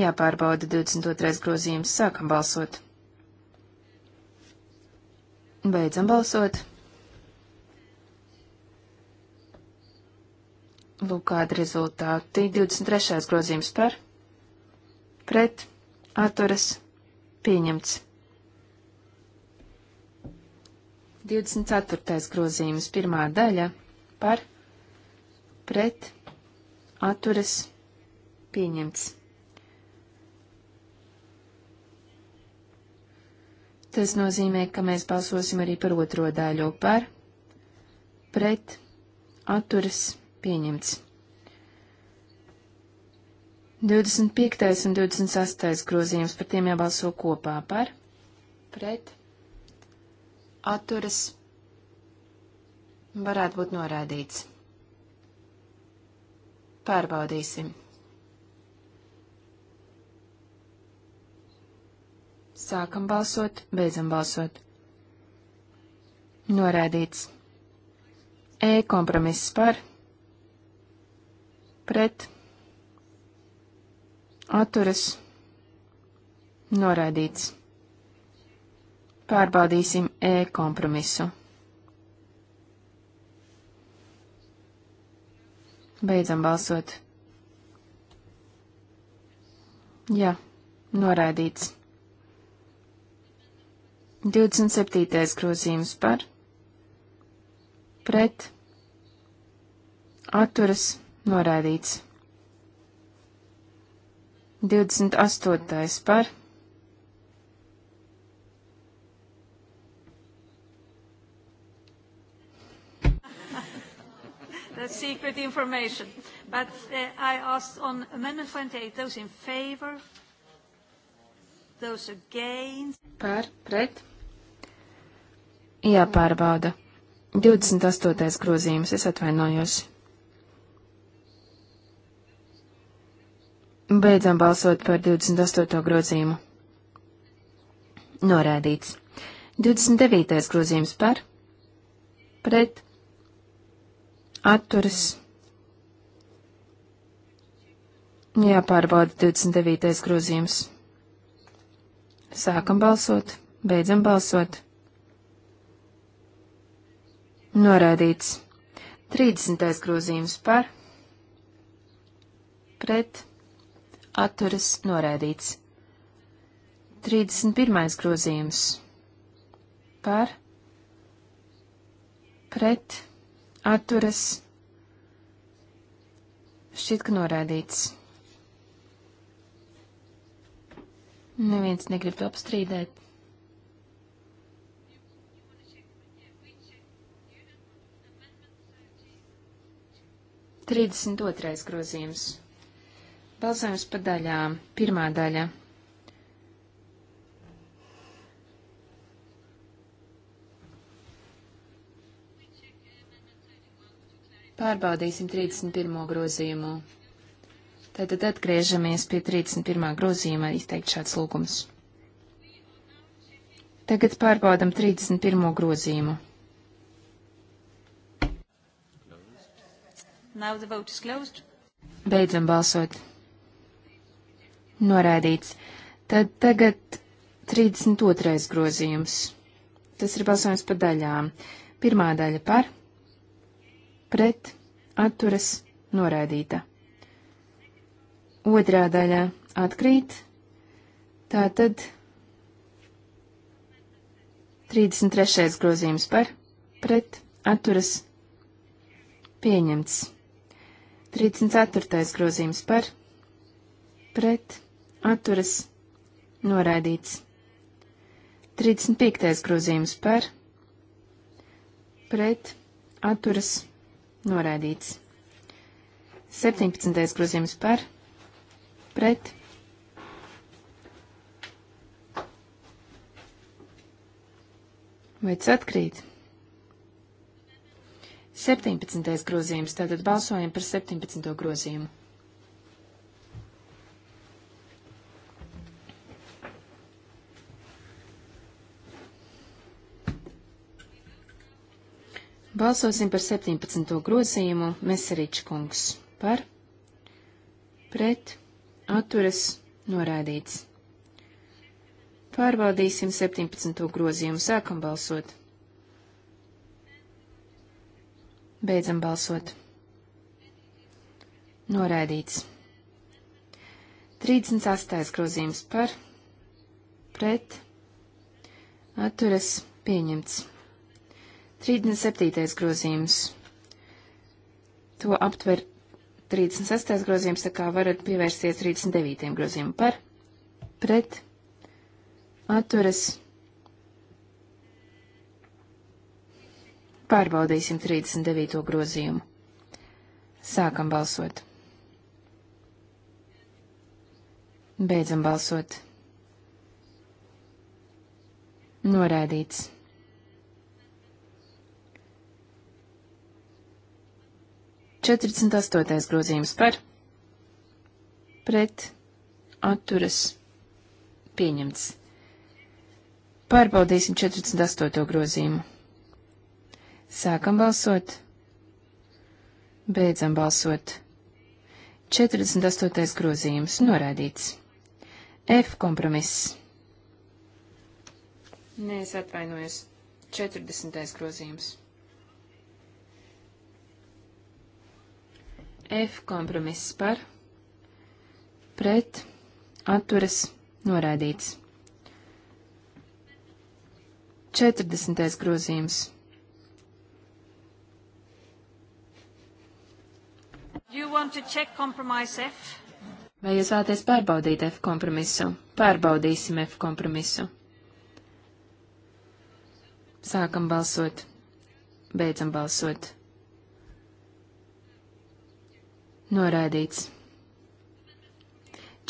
C: jāpārbauda 22. grozījums, sākam balsot. Beidzam balsot. Lūk, kādi rezultāti. 23. grozījums par, pret, atturas atturas pieņemts. 24. grozījums, pirmā daļa par pret atturas pieņemts. Tas nozīmē, ka mēs balsosim arī par otro daļu par pret atturas pieņemts. 25. un 26. grozījums par tiem jābalso kopā par, pret, atturas, varētu būt norādīts. Pārbaudīsim. Sākam balsot, beidzam balsot. Norādīts. E kompromiss par, pret, atturas atturas noraidīts. Pārbaudīsim E kompromisu. Beidzam balsot. Jā, noraidīts. 27. grozījums par pret atturas noraidīts. 28. par
A: That's secret information. But uh, I asked on Amendment 28, those in favor, those against. Par, pret.
C: Jāpārbauda. 28. grozījums, es atvainojos. Beidzam balsot par 28. grozījumu. Norādīts. 29. grozījums par, pret, atturas. Jāpārbauda 29. grozījums. Sākam balsot, beidzam balsot. Norādīts. 30. grozījums par, pret, atturas atturas noraidīts. 31. grozījums par pret atturas šķiet, ka noraidīts. Neviens negrib to apstrīdēt. Trīsdesmit otrais grozījums. Balsojums pa daļām. Pirmā daļa. Pārbaudīsim 31. grozījumu. Tātad atgriežamies pie 31. grozījuma izteikt šāds lūgums. Tagad pārbaudam 31. grozījumu. Beidzam balsot. Noraidīts. Tad tagad 32. grozījums. Tas ir balsojums pa daļām. Pirmā daļa par, pret, atturas, noraidīta. Otrā daļa atkrīt. Tātad 33. grozījums par, pret, atturas, pieņemts. 34. grozījums par, pret, atturas atturas noraidīts. 35. grozījums par pret atturas noraidīts. 17. grozījums par pret Vai tas atkrīt? 17. grozījums, tātad balsojam par 17. grozījumu. Balsosim par 17. grozījumu Meseričkungs par pret atturas noraidīts. Pārbaudīsim 17. grozījumu, sākam balsot. Beidzam balsot. Noraidīts. 38. grozījums par pret atturas pieņemts. 37. grozījums. To aptver 36. grozījums, tā kā varat pievērsties 39. grozījumam par, pret, atturas. Pārbaudīsim 39. grozījumu. Sākam balsot. Beidzam balsot. Noraidīts. 48. grozījums par pret atturas pieņemts. Pārbaudīsim 48. grozījumu. Sākam balsot. Beidzam balsot. 48. grozījums norādīts. F kompromiss. Nē, es atvainojos. 40. grozījums. F kompromiss par, pret, atturas, noraidīts. 40. grozījums. Vai jūs vēlaties pārbaudīt F kompromisu? Pārbaudīsim F kompromisu. Sākam balsot. Beidzam balsot. Noraidīts.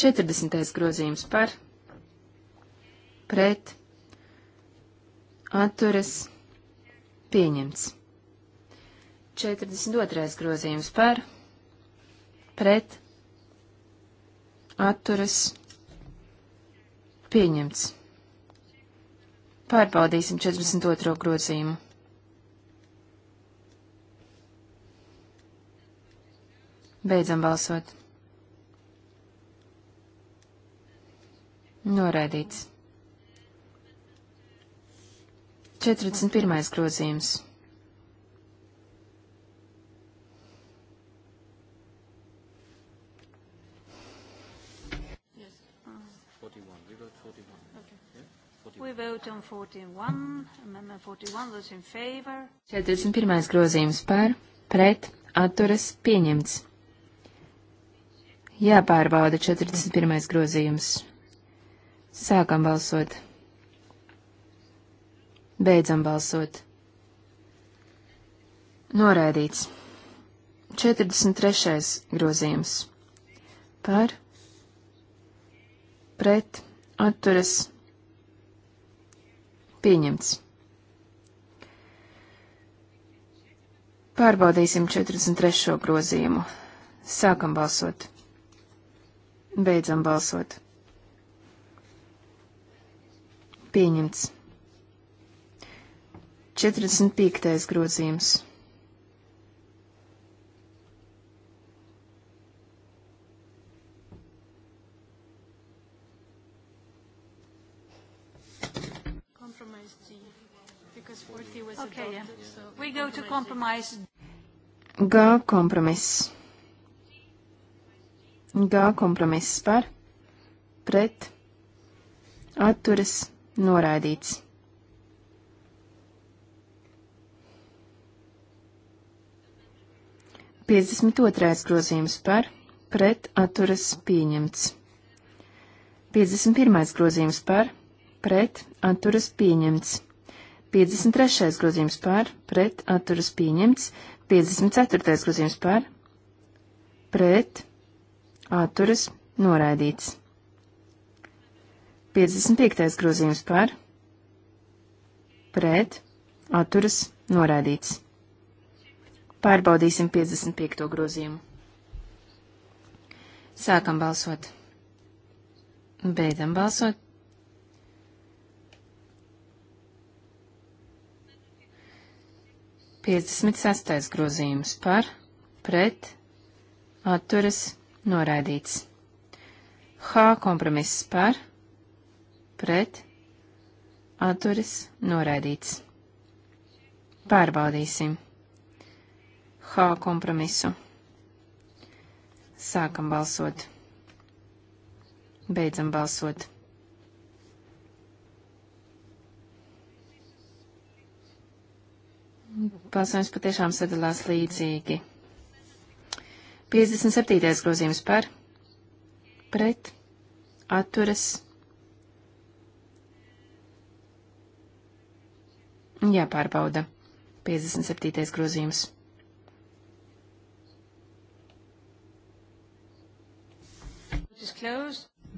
C: 40. grozījums par, pret, atturas, pieņemts. 42. grozījums par, pret, atturas, pieņemts. Pārbaudīsim 42. grozījumu. Beidzam balsot. Noraidīts. 41. grozījums.
A: Yes. Uh.
B: 41. We vote 41. Okay. Yeah? 41. We
A: vote on 41. Amendment 41 was in favor.
C: 41. grozījums par, pret, atturas, pieņemts. Jāpārbauda 41. grozījums. Sākam balsot. Beidzam balsot. Noraidīts. 43. grozījums. Par, pret, atturas, pieņemts. Pārbaudīsim 43. grozījumu. Sākam balsot. Beidzam balsot. Pieņemts. 45. grozījums.
A: Okay, yeah. so
C: G kompromiss. G kompromiss par, pret, atturas, noraidīts. Piecdesmit otrais grozījums par, pret, atturas, pieņemts. 51. grozījums par, pret, atturas pieņemts. 53. grozījums par, pret, atturas pieņemts. 54. grozījums par, pret, atturas noraidīts. 55. grozījums par, pret, atturas noraidīts. Pārbaudīsim 55. grozījumu. Sākam balsot. Beidzam balsot. Piecdesmit sastais grozījums par, pret, atturas, Noraidīts. H kompromiss par, pret, atturis, noraidīts. Pārbaudīsim. H kompromisu. Sākam balsot. Beidzam balsot. Balsojums patiešām sadalās līdzīgi. 57. grozījums par, pret, atturas. Jāpārbauda. 57. grozījums.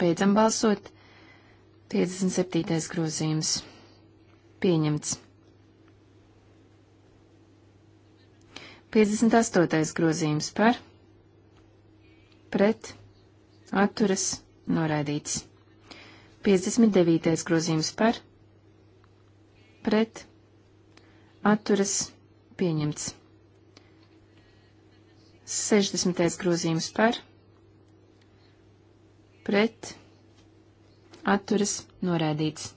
C: Beidzam balsot. 57. grozījums. Pieņemts. 58. grozījums par pret, atturas, noraidīts. 59. grozījums par, pret, atturas, pieņemts. 60. grozījums par, pret, atturas, noraidīts.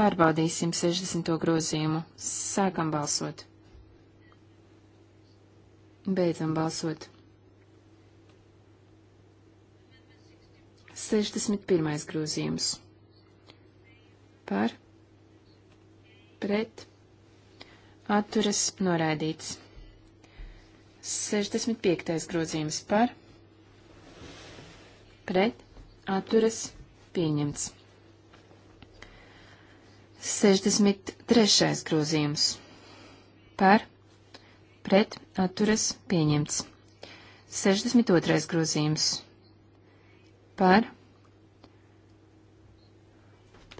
C: Pārbaudīsim 60. grozījumu. Sākam balsot. Beidzam balsot. 61. grozījums par pret atturas noraidīts. 65. grozījums par pret atturas pieņemts. 63. grozījums par pret atturas pieņemts. 62. grozījums par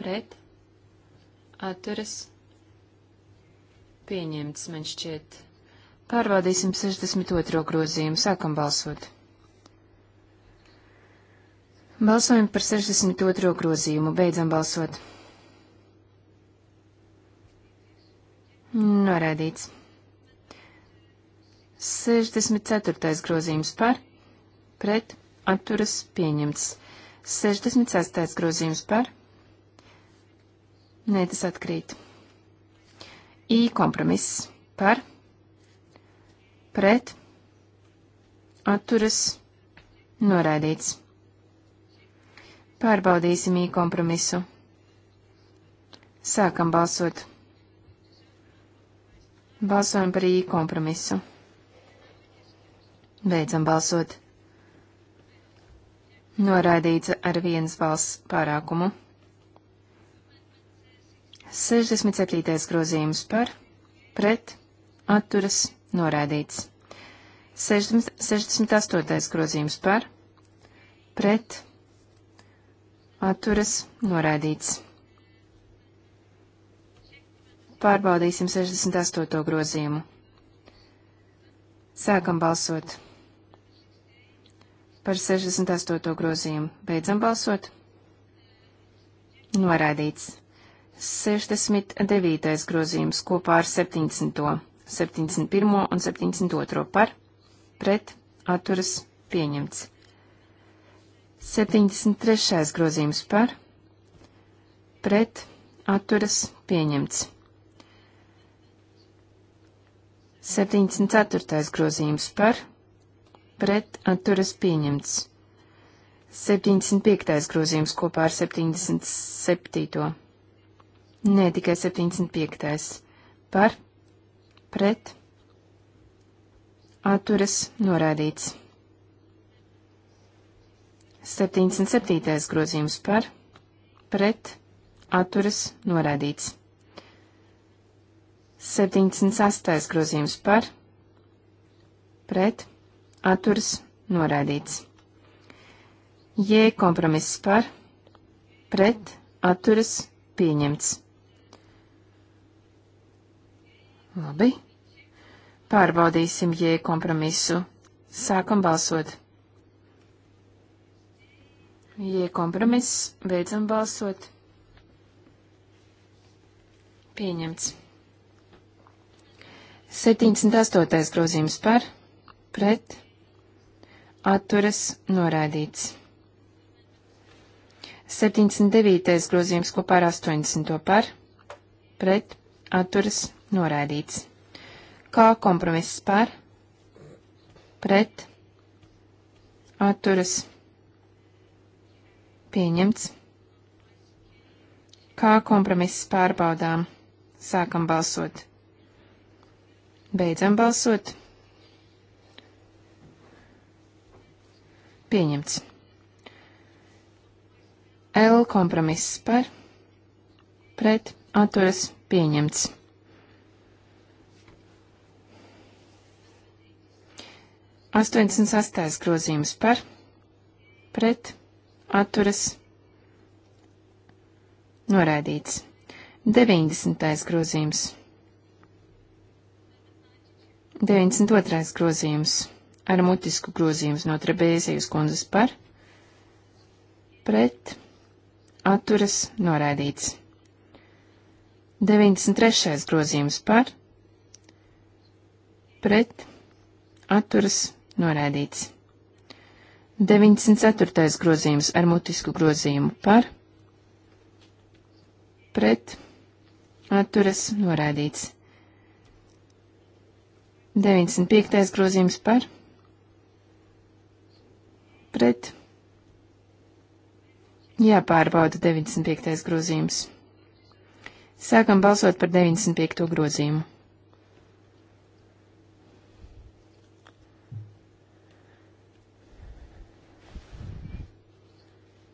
C: pret atturas pieņemts, man šķiet. Pārbaudīsim 62. grozījumu, sākam balsot. Balsojam par 62. grozījumu, beidzam balsot. Norādīts. 64. grozījums par, pret, atturas pieņemts. 66. grozījums par? Nē, tas atkrīt. I kompromiss par? Pret? Atturas noraidīts. Pārbaudīsim I kompromisu. Sākam balsot. Balsojam par I kompromisu. Beidzam balsot. Noraidīts ar vienas balss pārākumu. 67. grozījums par, pret, atturas, noraidīts. 60, 68. grozījums par, pret, atturas, noraidīts. Pārbaudīsim 68. grozījumu. Sākam balsot par 68. grozījumu. Beidzam balsot. Noraidīts. 69. grozījums kopā ar 70. 71. un 72. par pret atturas pieņemts. 73. grozījums par pret atturas pieņemts. 74. grozījums par pret atturas pieņemts. 75. grozījums kopā ar 77. Nē, tikai 75. par pret atturas norādīts. 77. grozījums par pret atturas norādīts. 78. grozījums par pret atturas norādīts atturas noraidīts. J kompromiss par, pret, atturas pieņemts. Labi. Pārbaudīsim J kompromisu. Sākam balsot. J kompromiss, beidzam balsot. Pieņemts. 78. grozījums par, pret, atturas noraidīts. 79. grozījums kopā ar 80. par, pret, atturas noraidīts. Kā kompromiss par, pret, atturas pieņemts. Kā kompromiss pārbaudām, sākam balsot. Beidzam balsot. Pieņemts. L kompromiss par, pret, atturas, pieņemts. Astoņdesmit sastais grozījums par, pret, atturas, noraidīts. Deviņdesmitais grozījums. Deviņdesmit otrais grozījums ar mutisku grozījumus no Trebēzijas kundzes par, pret, atturas noraidīts. 93. grozījums par, pret, atturas noraidīts. 94. grozījums ar mutisku grozījumu par, pret, atturas noraidīts. 95. grozījums par, pret, pret. Jāpārbauda 95. grozījums. Sākam balsot par 95. grozījumu.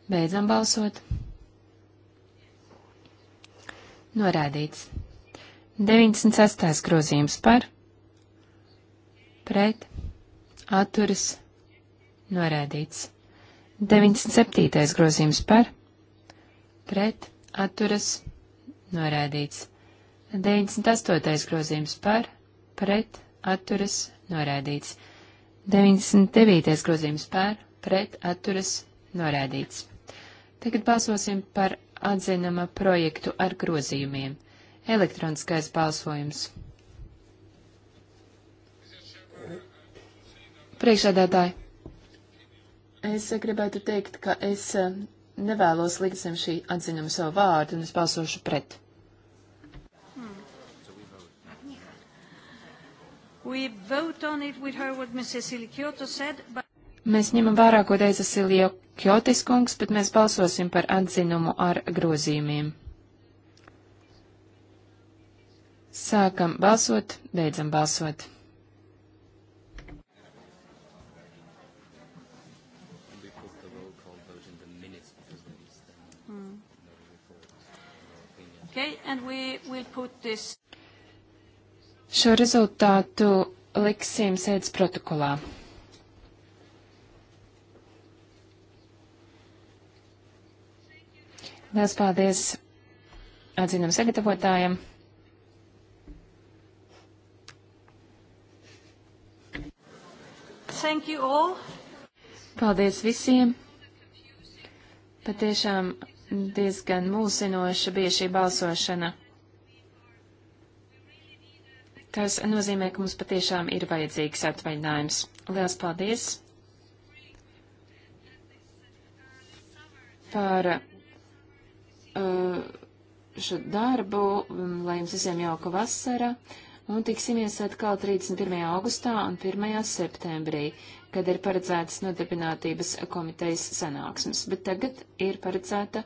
C: Beidzam balsot. Norādīts. 96. grozījums par, pret, atturas, Norēdīts. 97. grozījums par, pret, atturas, norēdīts. 98. grozījums par, pret, atturas, norēdīts. 99. grozījums par, pret, atturas, norēdīts. Tagad balsosim par atzinama projektu ar grozījumiem. Elektroniskais balsojums. Priekšādātāji. Es gribētu teikt, ka es eh, nevēlos likt zem šī atziņama savu vārdu un es balsošu pret. Mēs ņemam vērā, ko teica Silvija Kjotis kungs, bet mēs balsosim par atzinumu ar grozījumiem. Sākam balsot, beidzam balsot.
A: Okay, and we will put this.
C: Šo rezultātu liksim sēdes protokolā. Liels paldies atzinam sagatavotājiem.
A: Thank you all.
C: Paldies visiem. Patiešām Diezgan mulsinoša bija šī balsošana. Tas nozīmē, ka mums patiešām ir vajadzīgs atvaļinājums. Lielas paldies par uh, šo darbu, um, lai jums visiem jauka vasara, un tiksimies atkal 31. augustā un 1. septembrī, kad ir paredzētas nodarbinātības komitejas sanāksmes, bet tagad ir paredzēta.